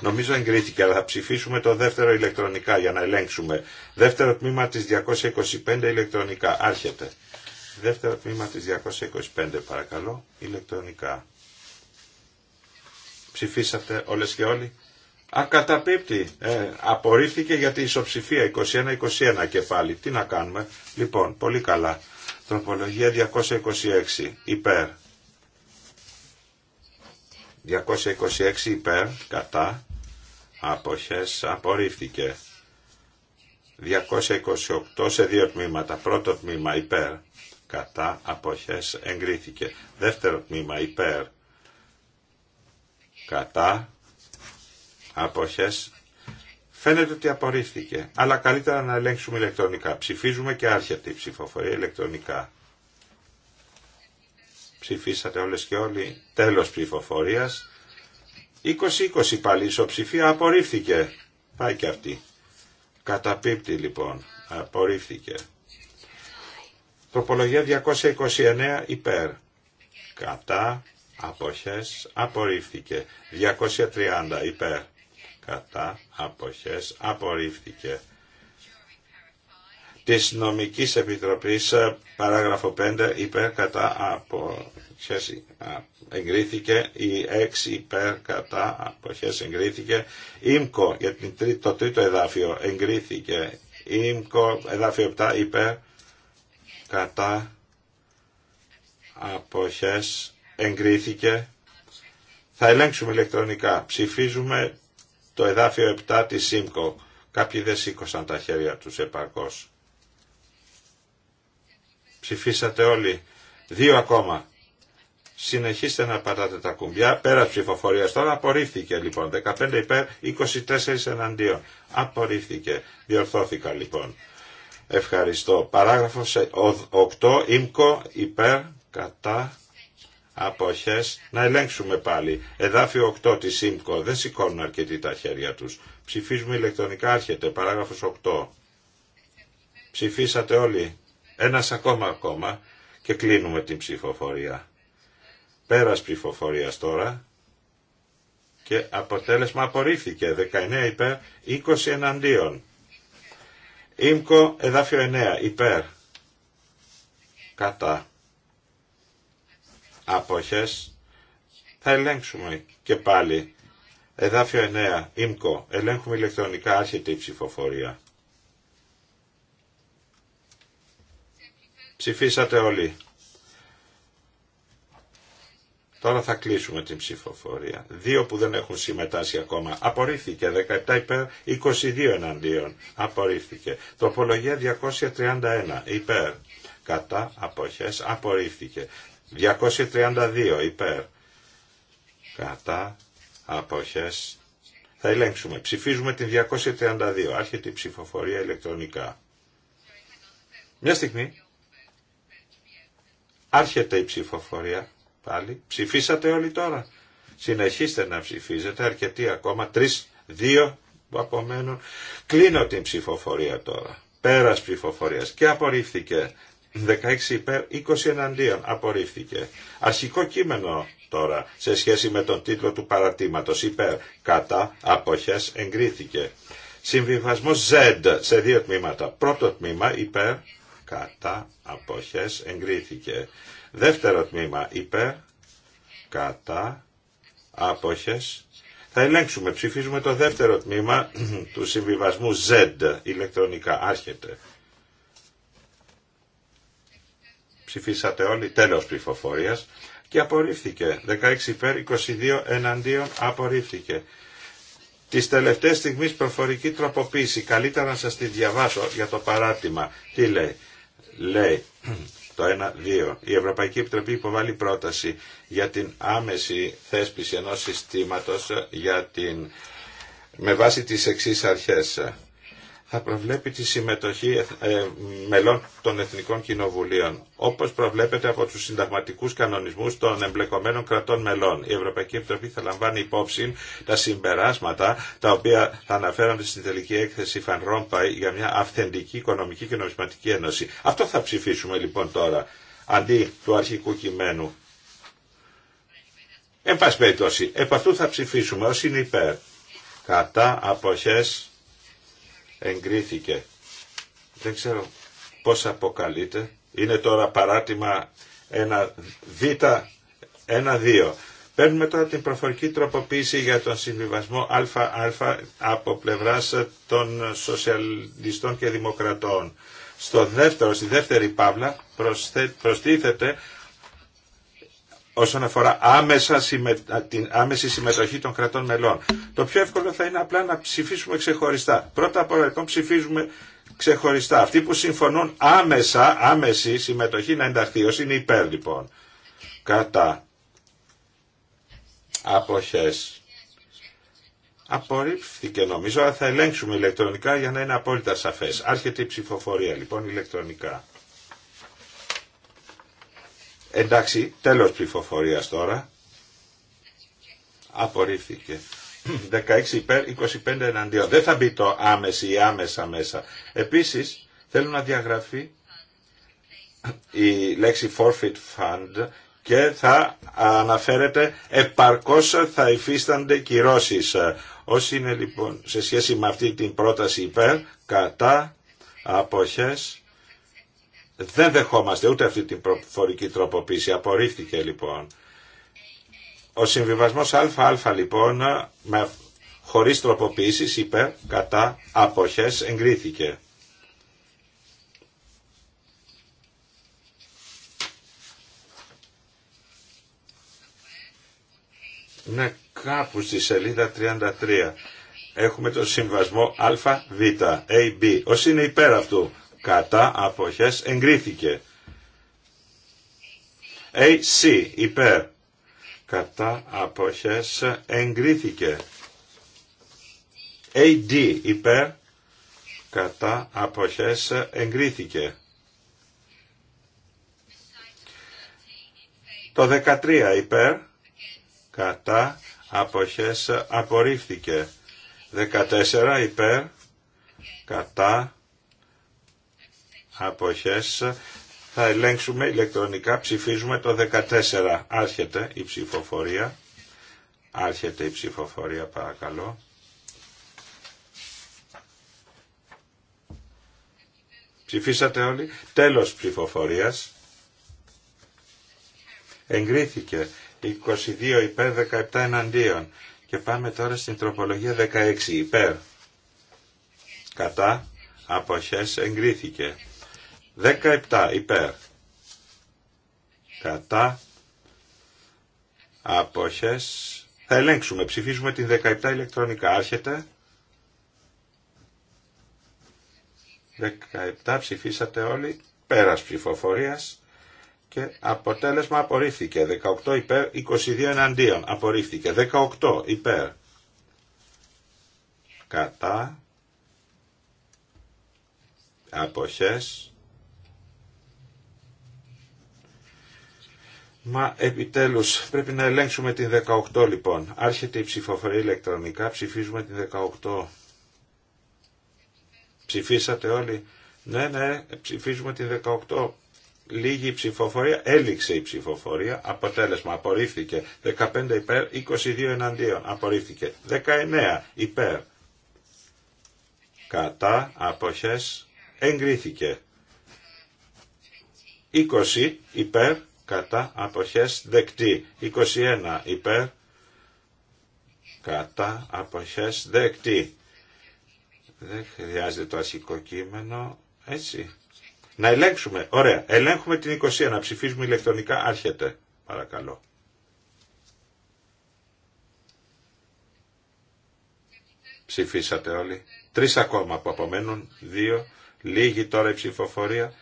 Νομίζω εγκρίθηκε, αλλά θα ψηφίσουμε το δεύτερο ηλεκτρονικά για να ελέγξουμε. Δεύτερο τμήμα της 225 ηλεκτρονικά. Άρχεται. Δεύτερο τμήμα της 225 παρακαλώ ηλεκτρονικά. Ψηφίσατε όλες και όλοι. Ακαταπίπτει. Ε, απορρίφθηκε για την ισοψηφία 21-21 και πάλι. Τι να κάνουμε. Λοιπόν, πολύ καλά. Τροπολογία 226 υπέρ. 226 υπέρ, κατά, αποχές, απορρίφθηκε. 228 σε δύο τμήματα. Πρώτο τμήμα υπέρ, κατά, αποχές, εγκρίθηκε. Δεύτερο τμήμα υπέρ, κατά, αποχές φαίνεται ότι απορρίφθηκε. Αλλά καλύτερα να ελέγξουμε ηλεκτρονικά. Ψηφίζουμε και άρχεται η ψηφοφορία ηλεκτρονικά. Ψηφίσατε όλες και όλοι. Τέλος ψηφοφορίας. 20-20 πάλι ισοψηφία απορρίφθηκε. Πάει και αυτή. Καταπίπτει λοιπόν. Απορρίφθηκε. Τροπολογία 229 υπέρ. Κατά. Αποχές. Απορρίφθηκε. 230 υπέρ κατά αποχές απορρίφθηκε. Της νομικής επιτροπής ε, παράγραφο 5 υπέρ κατά αποχές εγκρίθηκε, η 6 υπέρ κατά αποχές εγκρίθηκε, ΙΜΚΟ για την, το τρίτο εδάφιο εγκρίθηκε, ΙΜΚΟ εδάφιο 7 υπέρ κατά αποχές εγκρίθηκε. Θα ελέγξουμε ηλεκτρονικά. Ψηφίζουμε το εδάφιο 7 της ΣΥΜΚΟ. Κάποιοι δεν σήκωσαν τα χέρια τους επαρκώς. Ψηφίσατε όλοι. Δύο ακόμα. Συνεχίστε να πατάτε τα κουμπιά. Πέρα ψηφοφορία τώρα απορρίφθηκε λοιπόν. 15 υπέρ, 24 εναντίον. Απορρίφθηκε. Διορθώθηκα λοιπόν. Ευχαριστώ. Παράγραφος 8. Ήμκο υπέρ κατά αποχές, να ελέγξουμε πάλι. Εδάφιο 8 της ΣΥΜΚΟ, δεν σηκώνουν αρκετοί τα χέρια τους. Ψηφίζουμε ηλεκτρονικά, άρχεται, παράγραφος 8. Ψηφίσατε όλοι, ένας ακόμα ακόμα και κλείνουμε την ψηφοφορία. Πέρας ψηφοφορίας τώρα και αποτέλεσμα απορρίφθηκε 19 υπέρ 20 εναντίον. Ήμκο εδάφιο 9 υπέρ κατά αποχές θα ελέγξουμε και πάλι εδάφιο 9 ΙΜΚΟ ελέγχουμε ηλεκτρονικά άρχεται η ψηφοφορία ψηφίσατε όλοι Τώρα θα κλείσουμε την ψηφοφορία. Δύο που δεν έχουν συμμετάσχει ακόμα. Απορρίφθηκε. 17 υπέρ, 22 εναντίον. Απορρίφθηκε. Τροπολογία 231 υπέρ. Κατά αποχές απορρίφθηκε. 232 υπέρ. Κατά αποχές. Θα ελέγξουμε. Ψηφίζουμε την 232. Άρχεται η ψηφοφορία ηλεκτρονικά. Μια στιγμή. Άρχεται η ψηφοφορία. Πάλι. Ψηφίσατε όλοι τώρα. Συνεχίστε να ψηφίζετε. Αρκετοί ακόμα. Τρει, δύο που απομένουν. Κλείνω την ψηφοφορία τώρα. Πέρας ψηφοφορίας. Και απορρίφθηκε. 16 υπέρ, 20 εναντίον. Απορρίφθηκε. Αρχικό κείμενο τώρα σε σχέση με τον τίτλο του παρατήματος υπέρ κατά αποχές εγκρίθηκε. Συμβιβασμός Z σε δύο τμήματα. Πρώτο τμήμα υπέρ κατά αποχές εγκρίθηκε. Δεύτερο τμήμα υπέρ κατά αποχές θα ελέγξουμε. Ψηφίζουμε το δεύτερο τμήμα (clears throat) του συμβιβασμού Z ηλεκτρονικά. Άρχεται. Ψηφίσατε όλοι. Τέλος ψηφοφορίας. Και απορρίφθηκε. 16 υπέρ, 22 εναντίον απορρίφθηκε. Τη τελευταία στιγμή προφορική τροποποίηση. Καλύτερα να σα τη διαβάσω για το παράτημα. Τι λέει. Λέει το 1-2. Η Ευρωπαϊκή Επιτροπή υποβάλλει πρόταση για την άμεση θέσπιση ενός συστήματος για την... με βάση τις εξής αρχές θα προβλέπει τη συμμετοχή ε, ε, μελών των Εθνικών Κοινοβουλίων, όπως προβλέπεται από τους συνταγματικούς κανονισμούς των εμπλεκομένων κρατών μελών. Η Ευρωπαϊκή Επιτροπή θα λαμβάνει υπόψη τα συμπεράσματα, τα οποία θα αναφέρονται στην τελική έκθεση Φαν για μια αυθεντική οικονομική και νομισματική ένωση. Αυτό θα ψηφίσουμε λοιπόν τώρα, αντί του αρχικού κειμένου. Εν περιπτώσει, επ' αυτού θα ψηφίσουμε όσοι είναι υπέρ. Κατά αποχές εγκρίθηκε. Δεν ξέρω πώς αποκαλείται. Είναι τώρα ένα β ένα 1-2. Παίρνουμε τώρα την προφορική τροποποίηση για τον συμβιβασμό ΑΑ από πλευράς των σοσιαλιστών και δημοκρατών. Στο δεύτερο, στη δεύτερη παύλα προστίθεται όσον αφορά άμεσα την άμεση συμμετοχή των κρατών μελών. Το πιο εύκολο θα είναι απλά να ψηφίσουμε ξεχωριστά. Πρώτα απ' όλα λοιπόν ψηφίζουμε ξεχωριστά. Αυτοί που συμφωνούν άμεσα, άμεση συμμετοχή να ενταχθεί. Όσοι είναι υπέρ λοιπόν. Κατά. Αποχές. Απορρίφθηκε νομίζω, αλλά θα ελέγξουμε ηλεκτρονικά για να είναι απόλυτα σαφές. Άρχεται η ψηφοφορία λοιπόν ηλεκτρονικά. Εντάξει, τέλος ψηφοφορίας τώρα. Απορρίφθηκε. 16 υπέρ, 25 εναντίον. Δεν θα μπει το άμεση ή άμεσα μέσα. Επίσης, θέλω να διαγραφεί η λέξη forfeit fund και θα αναφέρεται επαρκώς θα υφίστανται κυρώσεις. Όσοι είναι λοιπόν σε σχέση με αυτή την πρόταση υπέρ, κατά, αποχές, δεν δεχόμαστε ούτε αυτή την προφορική τροποποίηση. Απορρίφθηκε λοιπόν. Ο συμβιβασμός ΑΑ λοιπόν με, χωρίς τροποποίησης υπέρ κατά αποχές εγκρίθηκε. Ναι, κάπου στη σελίδα 33. Έχουμε το συμβασμό ΑΒ, AB. Όσοι είναι υπέρ αυτού, κατά αποχές εγκρίθηκε. AC υπέρ κατά αποχές εγκρίθηκε. AD υπέρ κατά αποχές εγκρίθηκε. Το 13 υπέρ κατά αποχές απορρίφθηκε. 14 υπέρ κατά αποχές θα ελέγξουμε ηλεκτρονικά, ψηφίζουμε το 14. Άρχεται η ψηφοφορία. Άρχεται η ψηφοφορία παρακαλώ. Ψηφίσατε όλοι. Τέλος ψηφοφορίας. Εγκρίθηκε 22 υπέρ 17 εναντίον. Και πάμε τώρα στην τροπολογία 16 υπέρ. Κατά αποχές εγκρίθηκε. 17 υπέρ. Κατά. Απόχες. Θα ελέγξουμε. Ψηφίζουμε την 17 ηλεκτρονικά. Άρχεται. 17 ψηφίσατε όλοι. Πέρας ψηφοφορίας. Και αποτέλεσμα απορρίφθηκε. 18 υπέρ, 22 εναντίον. Απορρίφθηκε. 18 υπέρ. Κατά. Αποχές. Μα επιτέλους πρέπει να ελέγξουμε την 18 λοιπόν. Άρχεται η ψηφοφορία ηλεκτρονικά, ψηφίζουμε την 18. Ψηφίσατε όλοι. Ναι, ναι, ψηφίζουμε την 18. Λίγη ψηφοφορία, έληξε η ψηφοφορία, αποτέλεσμα απορρίφθηκε. 15 υπέρ, 22 εναντίον, απορρίφθηκε. 19 υπέρ, κατά, αποχές, εγκρίθηκε. 20 υπέρ, κατά αποχές δεκτή. 21 υπέρ κατά αποχές δεκτή. Δεν χρειάζεται το αρχικό κείμενο. Έτσι. Να ελέγξουμε. Ωραία. Ελέγχουμε την 21. Να ψηφίζουμε ηλεκτρονικά. Άρχεται. Παρακαλώ. Ψηφίσατε όλοι. Τρεις ακόμα που απομένουν. Δύο. Λίγη τώρα η ψηφοφορία.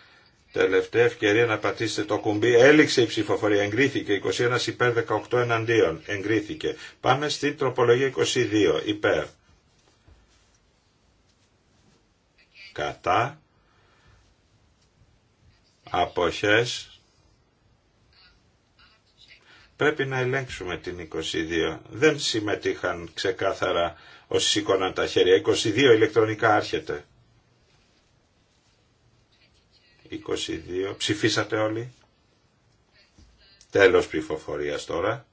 Τελευταία ευκαιρία να πατήσετε το κουμπί. Έληξε η ψηφοφορία. Εγκρίθηκε. 21 υπέρ 18 εναντίον. Εγκρίθηκε. Πάμε στην τροπολογία 22 υπέρ. Κατά. Αποχές. Πρέπει να ελέγξουμε την 22. Δεν συμμετείχαν ξεκάθαρα όσοι σήκωναν τα χέρια. 22 ηλεκτρονικά άρχεται. 22. Ψηφίσατε όλοι. Τέλος ψηφοφορίας τώρα.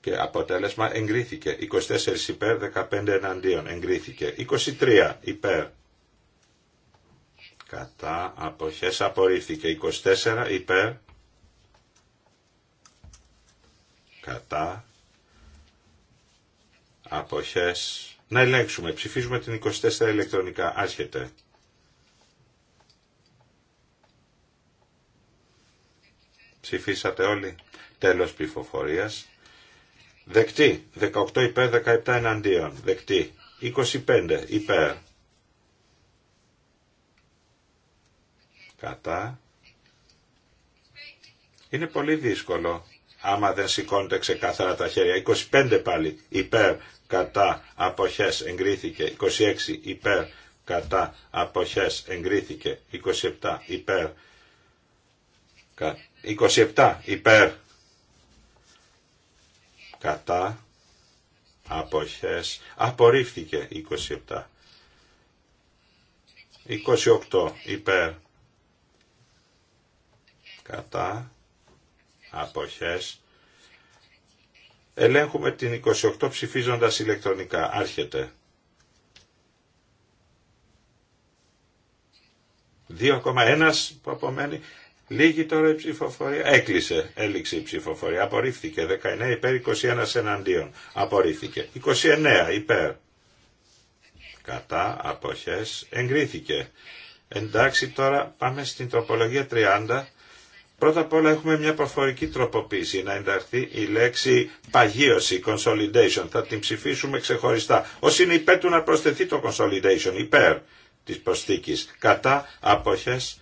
Και αποτέλεσμα εγκρίθηκε. 24 υπέρ, 15 εναντίον. Εγκρίθηκε. 23 υπέρ. Κατά αποχές απορρίφθηκε. 24 υπέρ. Κατά αποχές. Να ελέγξουμε. Ψηφίζουμε την 24 ηλεκτρονικά. Άρχεται. Ψηφίσατε όλοι. Τέλος ψηφοφορίας. Δεκτή. 18 υπέρ, 17 εναντίον. Δεκτή. 25 υπέρ. Κατά. Είναι πολύ δύσκολο άμα δεν σηκώνετε ξεκάθαρα τα χέρια. 25 πάλι υπέρ, κατά, αποχές, εγκρίθηκε. 26 υπέρ, κατά, αποχές, εγκρίθηκε. 27 υπέρ, κατά 27 υπέρ κατά αποχές απορρίφθηκε 27 28 υπέρ κατά αποχές ελέγχουμε την 28 ψηφίζοντας ηλεκτρονικά άρχεται 2,1 που απομένει Λίγη τώρα η ψηφοφορία. Έκλεισε, έληξε η ψηφοφορία. Απορρίφθηκε. 19 υπέρ, 21 εναντίον. Απορρίφθηκε. 29 υπέρ. Κατά, αποχές, εγκρίθηκε. Εντάξει, τώρα πάμε στην τροπολογία 30. Πρώτα απ' όλα έχουμε μια προφορική τροποποίηση να ενταχθεί η λέξη παγίωση, consolidation. Θα την ψηφίσουμε ξεχωριστά. Όσοι είναι υπέρ του να προσθεθεί το consolidation, υπέρ της προσθήκης, κατά αποχές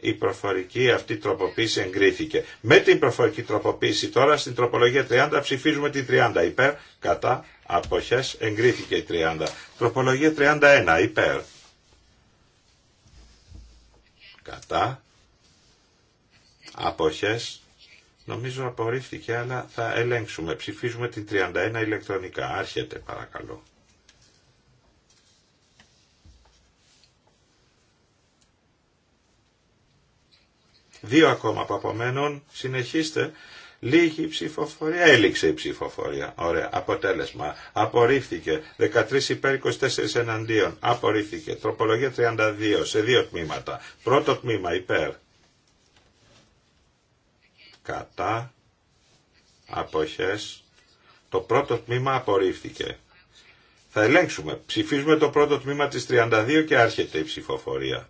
η προφορική αυτή τροποποίηση εγκρίθηκε. Με την προφορική τροποποίηση τώρα στην τροπολογία 30 ψηφίζουμε την 30 υπέρ, κατά, αποχές, εγκρίθηκε η 30. Τροπολογία 31 υπέρ, κατά, αποχές, νομίζω απορρίφθηκε αλλά θα ελέγξουμε. Ψηφίζουμε την 31 ηλεκτρονικά. Άρχεται παρακαλώ. Δύο ακόμα που απομένουν. Συνεχίστε. Λίγη ψηφοφορία. Έληξε η ψηφοφορία. Ωραία. Αποτέλεσμα. Απορρίφθηκε. 13 υπέρ 24 εναντίον. Απορρίφθηκε. Τροπολογία 32 σε δύο τμήματα. Πρώτο τμήμα υπέρ. Κατά. Αποχές. Το πρώτο τμήμα απορρίφθηκε. Θα ελέγξουμε. Ψηφίζουμε το πρώτο τμήμα της 32 και άρχεται η ψηφοφορία.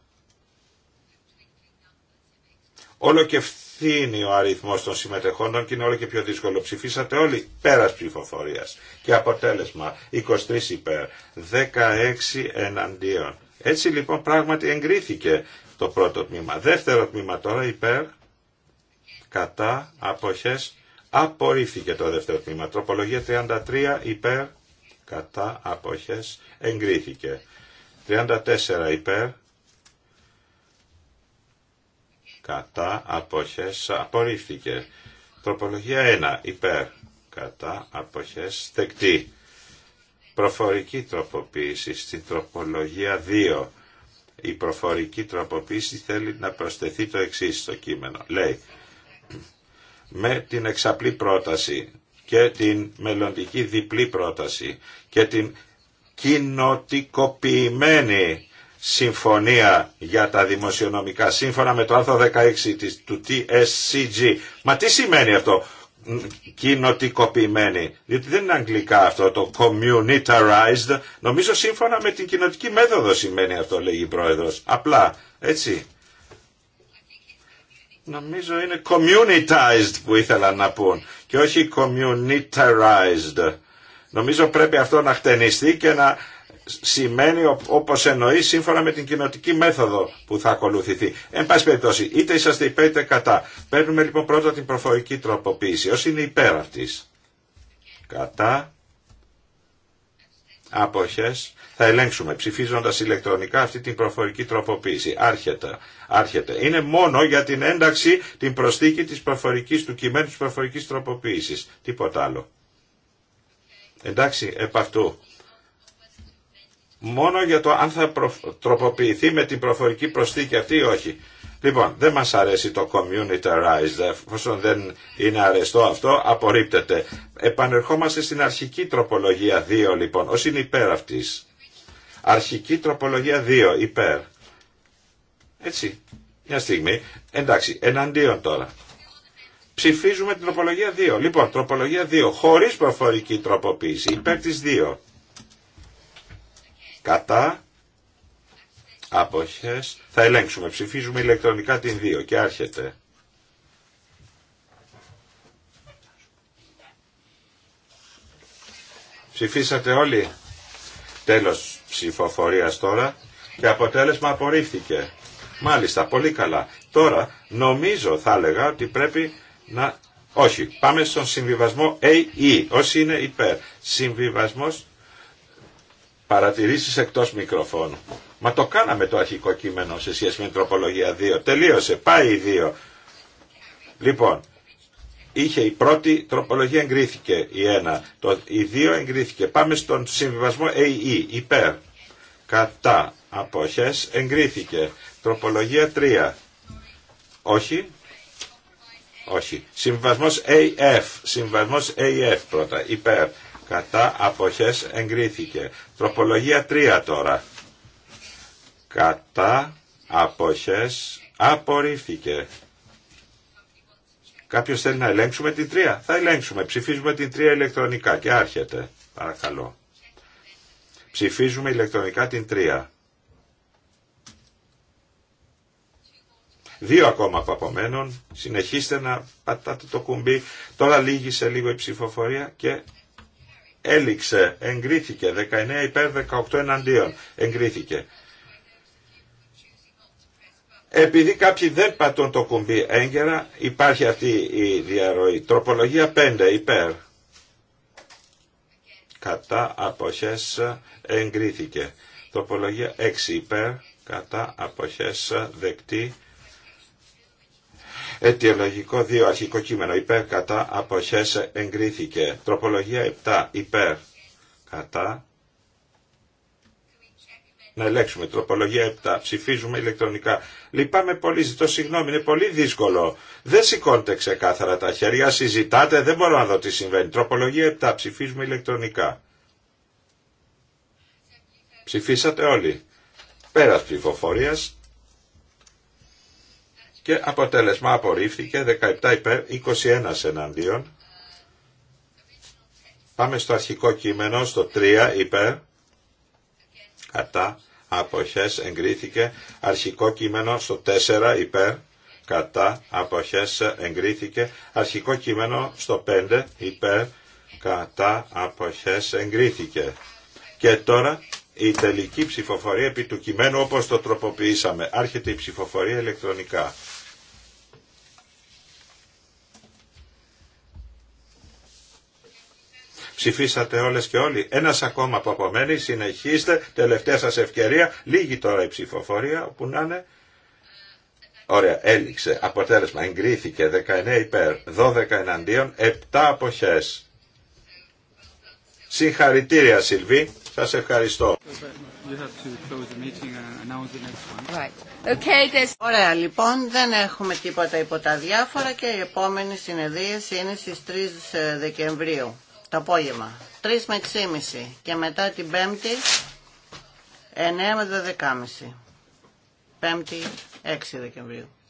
Όλο και φθήνει ο αριθμός των συμμετεχόντων και είναι όλο και πιο δύσκολο. Ψηφίσατε όλοι πέρας ψηφοφορίας. Και αποτέλεσμα 23 υπέρ, 16 εναντίον. Έτσι λοιπόν πράγματι εγκρίθηκε το πρώτο τμήμα. Δεύτερο τμήμα τώρα υπέρ, κατά, αποχές, απορρίφθηκε το δεύτερο τμήμα. Τροπολογία 33 υπέρ, κατά, αποχές, εγκρίθηκε. 34 υπέρ, κατά αποχές απορρίφθηκε. Τροπολογία 1 υπέρ κατά αποχές στεκτή. Προφορική τροποποίηση στην τροπολογία 2. Η προφορική τροποποίηση θέλει να προσθεθεί το εξή στο κείμενο. Λέει με την εξαπλή πρόταση και την μελλοντική διπλή πρόταση και την κοινοτικοποιημένη συμφωνία για τα δημοσιονομικά σύμφωνα με το άρθρο 16 του TSCG. Μα τι σημαίνει αυτό κοινοτικοποιημένη, διότι δεν είναι αγγλικά αυτό το communitarized, νομίζω σύμφωνα με την κοινοτική μέθοδο σημαίνει αυτό λέγει η πρόεδρος, απλά έτσι. Νομίζω είναι communitized που ήθελα να πούν και όχι communitarized. Νομίζω πρέπει αυτό να χτενιστεί και να σημαίνει όπως εννοεί σύμφωνα με την κοινοτική μέθοδο που θα ακολουθηθεί. Εν πάση περιπτώσει, είτε είσαστε υπέρ είτε κατά. Παίρνουμε λοιπόν πρώτα την προφορική τροποποίηση. Όσοι είναι υπέρ αυτή. Κατά. Άποχες. Θα ελέγξουμε ψηφίζοντας ηλεκτρονικά αυτή την προφορική τροποποίηση. Άρχεται. Άρχεται. Είναι μόνο για την ένταξη, την προσθήκη της προφορικής, του κειμένου της προφορικής τροποποίησης. Τίποτα άλλο. Εντάξει, επ' αυτού μόνο για το αν θα τροποποιηθεί με την προφορική προσθήκη αυτή ή όχι. Λοιπόν, δεν μας αρέσει το Community communitarized, εφόσον δεν είναι αρεστό αυτό, απορρίπτεται. Επανερχόμαστε στην αρχική τροπολογία 2, λοιπόν, ως είναι υπέρ αυτής. Αρχική τροπολογία 2, υπέρ. Έτσι, μια στιγμή. Εντάξει, εναντίον τώρα. Ψηφίζουμε την τροπολογία 2. Λοιπόν, τροπολογία 2, χωρίς προφορική τροποποίηση, υπέρ της 2. Κατά. Άποχες. Θα ελέγξουμε. Ψηφίζουμε ηλεκτρονικά την 2 και άρχεται. Ψηφίσατε όλοι. Τέλος ψηφοφορίας τώρα. Και αποτέλεσμα απορρίφθηκε. Μάλιστα, πολύ καλά. Τώρα, νομίζω θα έλεγα ότι πρέπει να... Όχι, πάμε στον συμβιβασμό AE, όσοι είναι υπέρ. Συμβιβασμός Παρατηρήσεις εκτός μικροφώνου. Μα το κάναμε το αρχικό κείμενο σε σχέση με την τροπολογία 2. Τελείωσε. Πάει η 2. Λοιπόν, είχε η πρώτη τροπολογία εγκρίθηκε η 1. Το, η 2 εγκρίθηκε. Πάμε στον συμβιβασμό AE. Υπέρ. Κατά. Αποχές. Εγκρίθηκε. Τροπολογία 3. Όχι. Όχι. Συμβασμός AF. Συμβασμός AF πρώτα. Υπέρ κατά αποχές εγκρίθηκε. Τροπολογία 3 τώρα. Κατά αποχές απορρίφθηκε. Κάποιος θέλει να ελέγξουμε την 3. Θα ελέγξουμε. Ψηφίζουμε την 3 ηλεκτρονικά και άρχεται. Παρακαλώ. Ψηφίζουμε ηλεκτρονικά την 3. Δύο ακόμα που απομένων. Συνεχίστε να πατάτε το κουμπί. Τώρα λύγει λίγο η ψηφοφορία και έληξε, εγκρίθηκε, 19 υπέρ 18 εναντίον, εγκρίθηκε. Επειδή κάποιοι δεν πατούν το κουμπί έγκαιρα, υπάρχει αυτή η διαρροή. Τροπολογία 5 υπέρ. Κατά αποχές εγκρίθηκε. Τροπολογία 6 υπέρ. Κατά αποχές δεκτή. Αιτιολογικό 2 αρχικό κείμενο υπέρ κατά αποχές εγκρίθηκε. Τροπολογία 7 υπέρ κατά. Να ελέγξουμε τροπολογία 7. Ψηφίζουμε ηλεκτρονικά. Λυπάμαι πολύ, ζητώ συγγνώμη, είναι πολύ δύσκολο. Δεν σηκώνετε ξεκάθαρα τα χέρια, συζητάτε, δεν μπορώ να δω τι συμβαίνει. Τροπολογία 7. Ψηφίζουμε ηλεκτρονικά. Ψηφίσατε όλοι. Πέρας ψηφοφορίας και αποτέλεσμα απορρίφθηκε 17 υπέρ 21 εναντίον. Πάμε στο αρχικό κείμενο, στο 3 υπέρ, κατά, αποχές εγκρίθηκε, αρχικό κείμενο στο 4 υπέρ, κατά, αποχές εγκρίθηκε, αρχικό κείμενο στο 5 υπέρ, κατά, αποχές εγκρίθηκε. Και τώρα η τελική ψηφοφορία επί του κειμένου όπως το τροποποιήσαμε. Άρχεται η ψηφοφορία ηλεκτρονικά. Ψηφίσατε όλες και όλοι. Ένας ακόμα που απομένει. Συνεχίστε. Τελευταία σας ευκαιρία. Λίγη τώρα η ψηφοφορία όπου να είναι. Ωραία, έληξε. Αποτέλεσμα εγκρίθηκε 19 υπέρ, 12 εναντίον, 7 αποχές. Συγχαρητήρια Σιλβί, σας ευχαριστώ. Ωραία, λοιπόν, δεν έχουμε τίποτα υπό τα διάφορα και η επόμενη συνεδρίαση είναι στις 3 Δεκεμβρίου το απόγευμα. 3 με 6.30 και μετά την Πέμπτη 9 με 12.30. η 6 Δεκεμβρίου.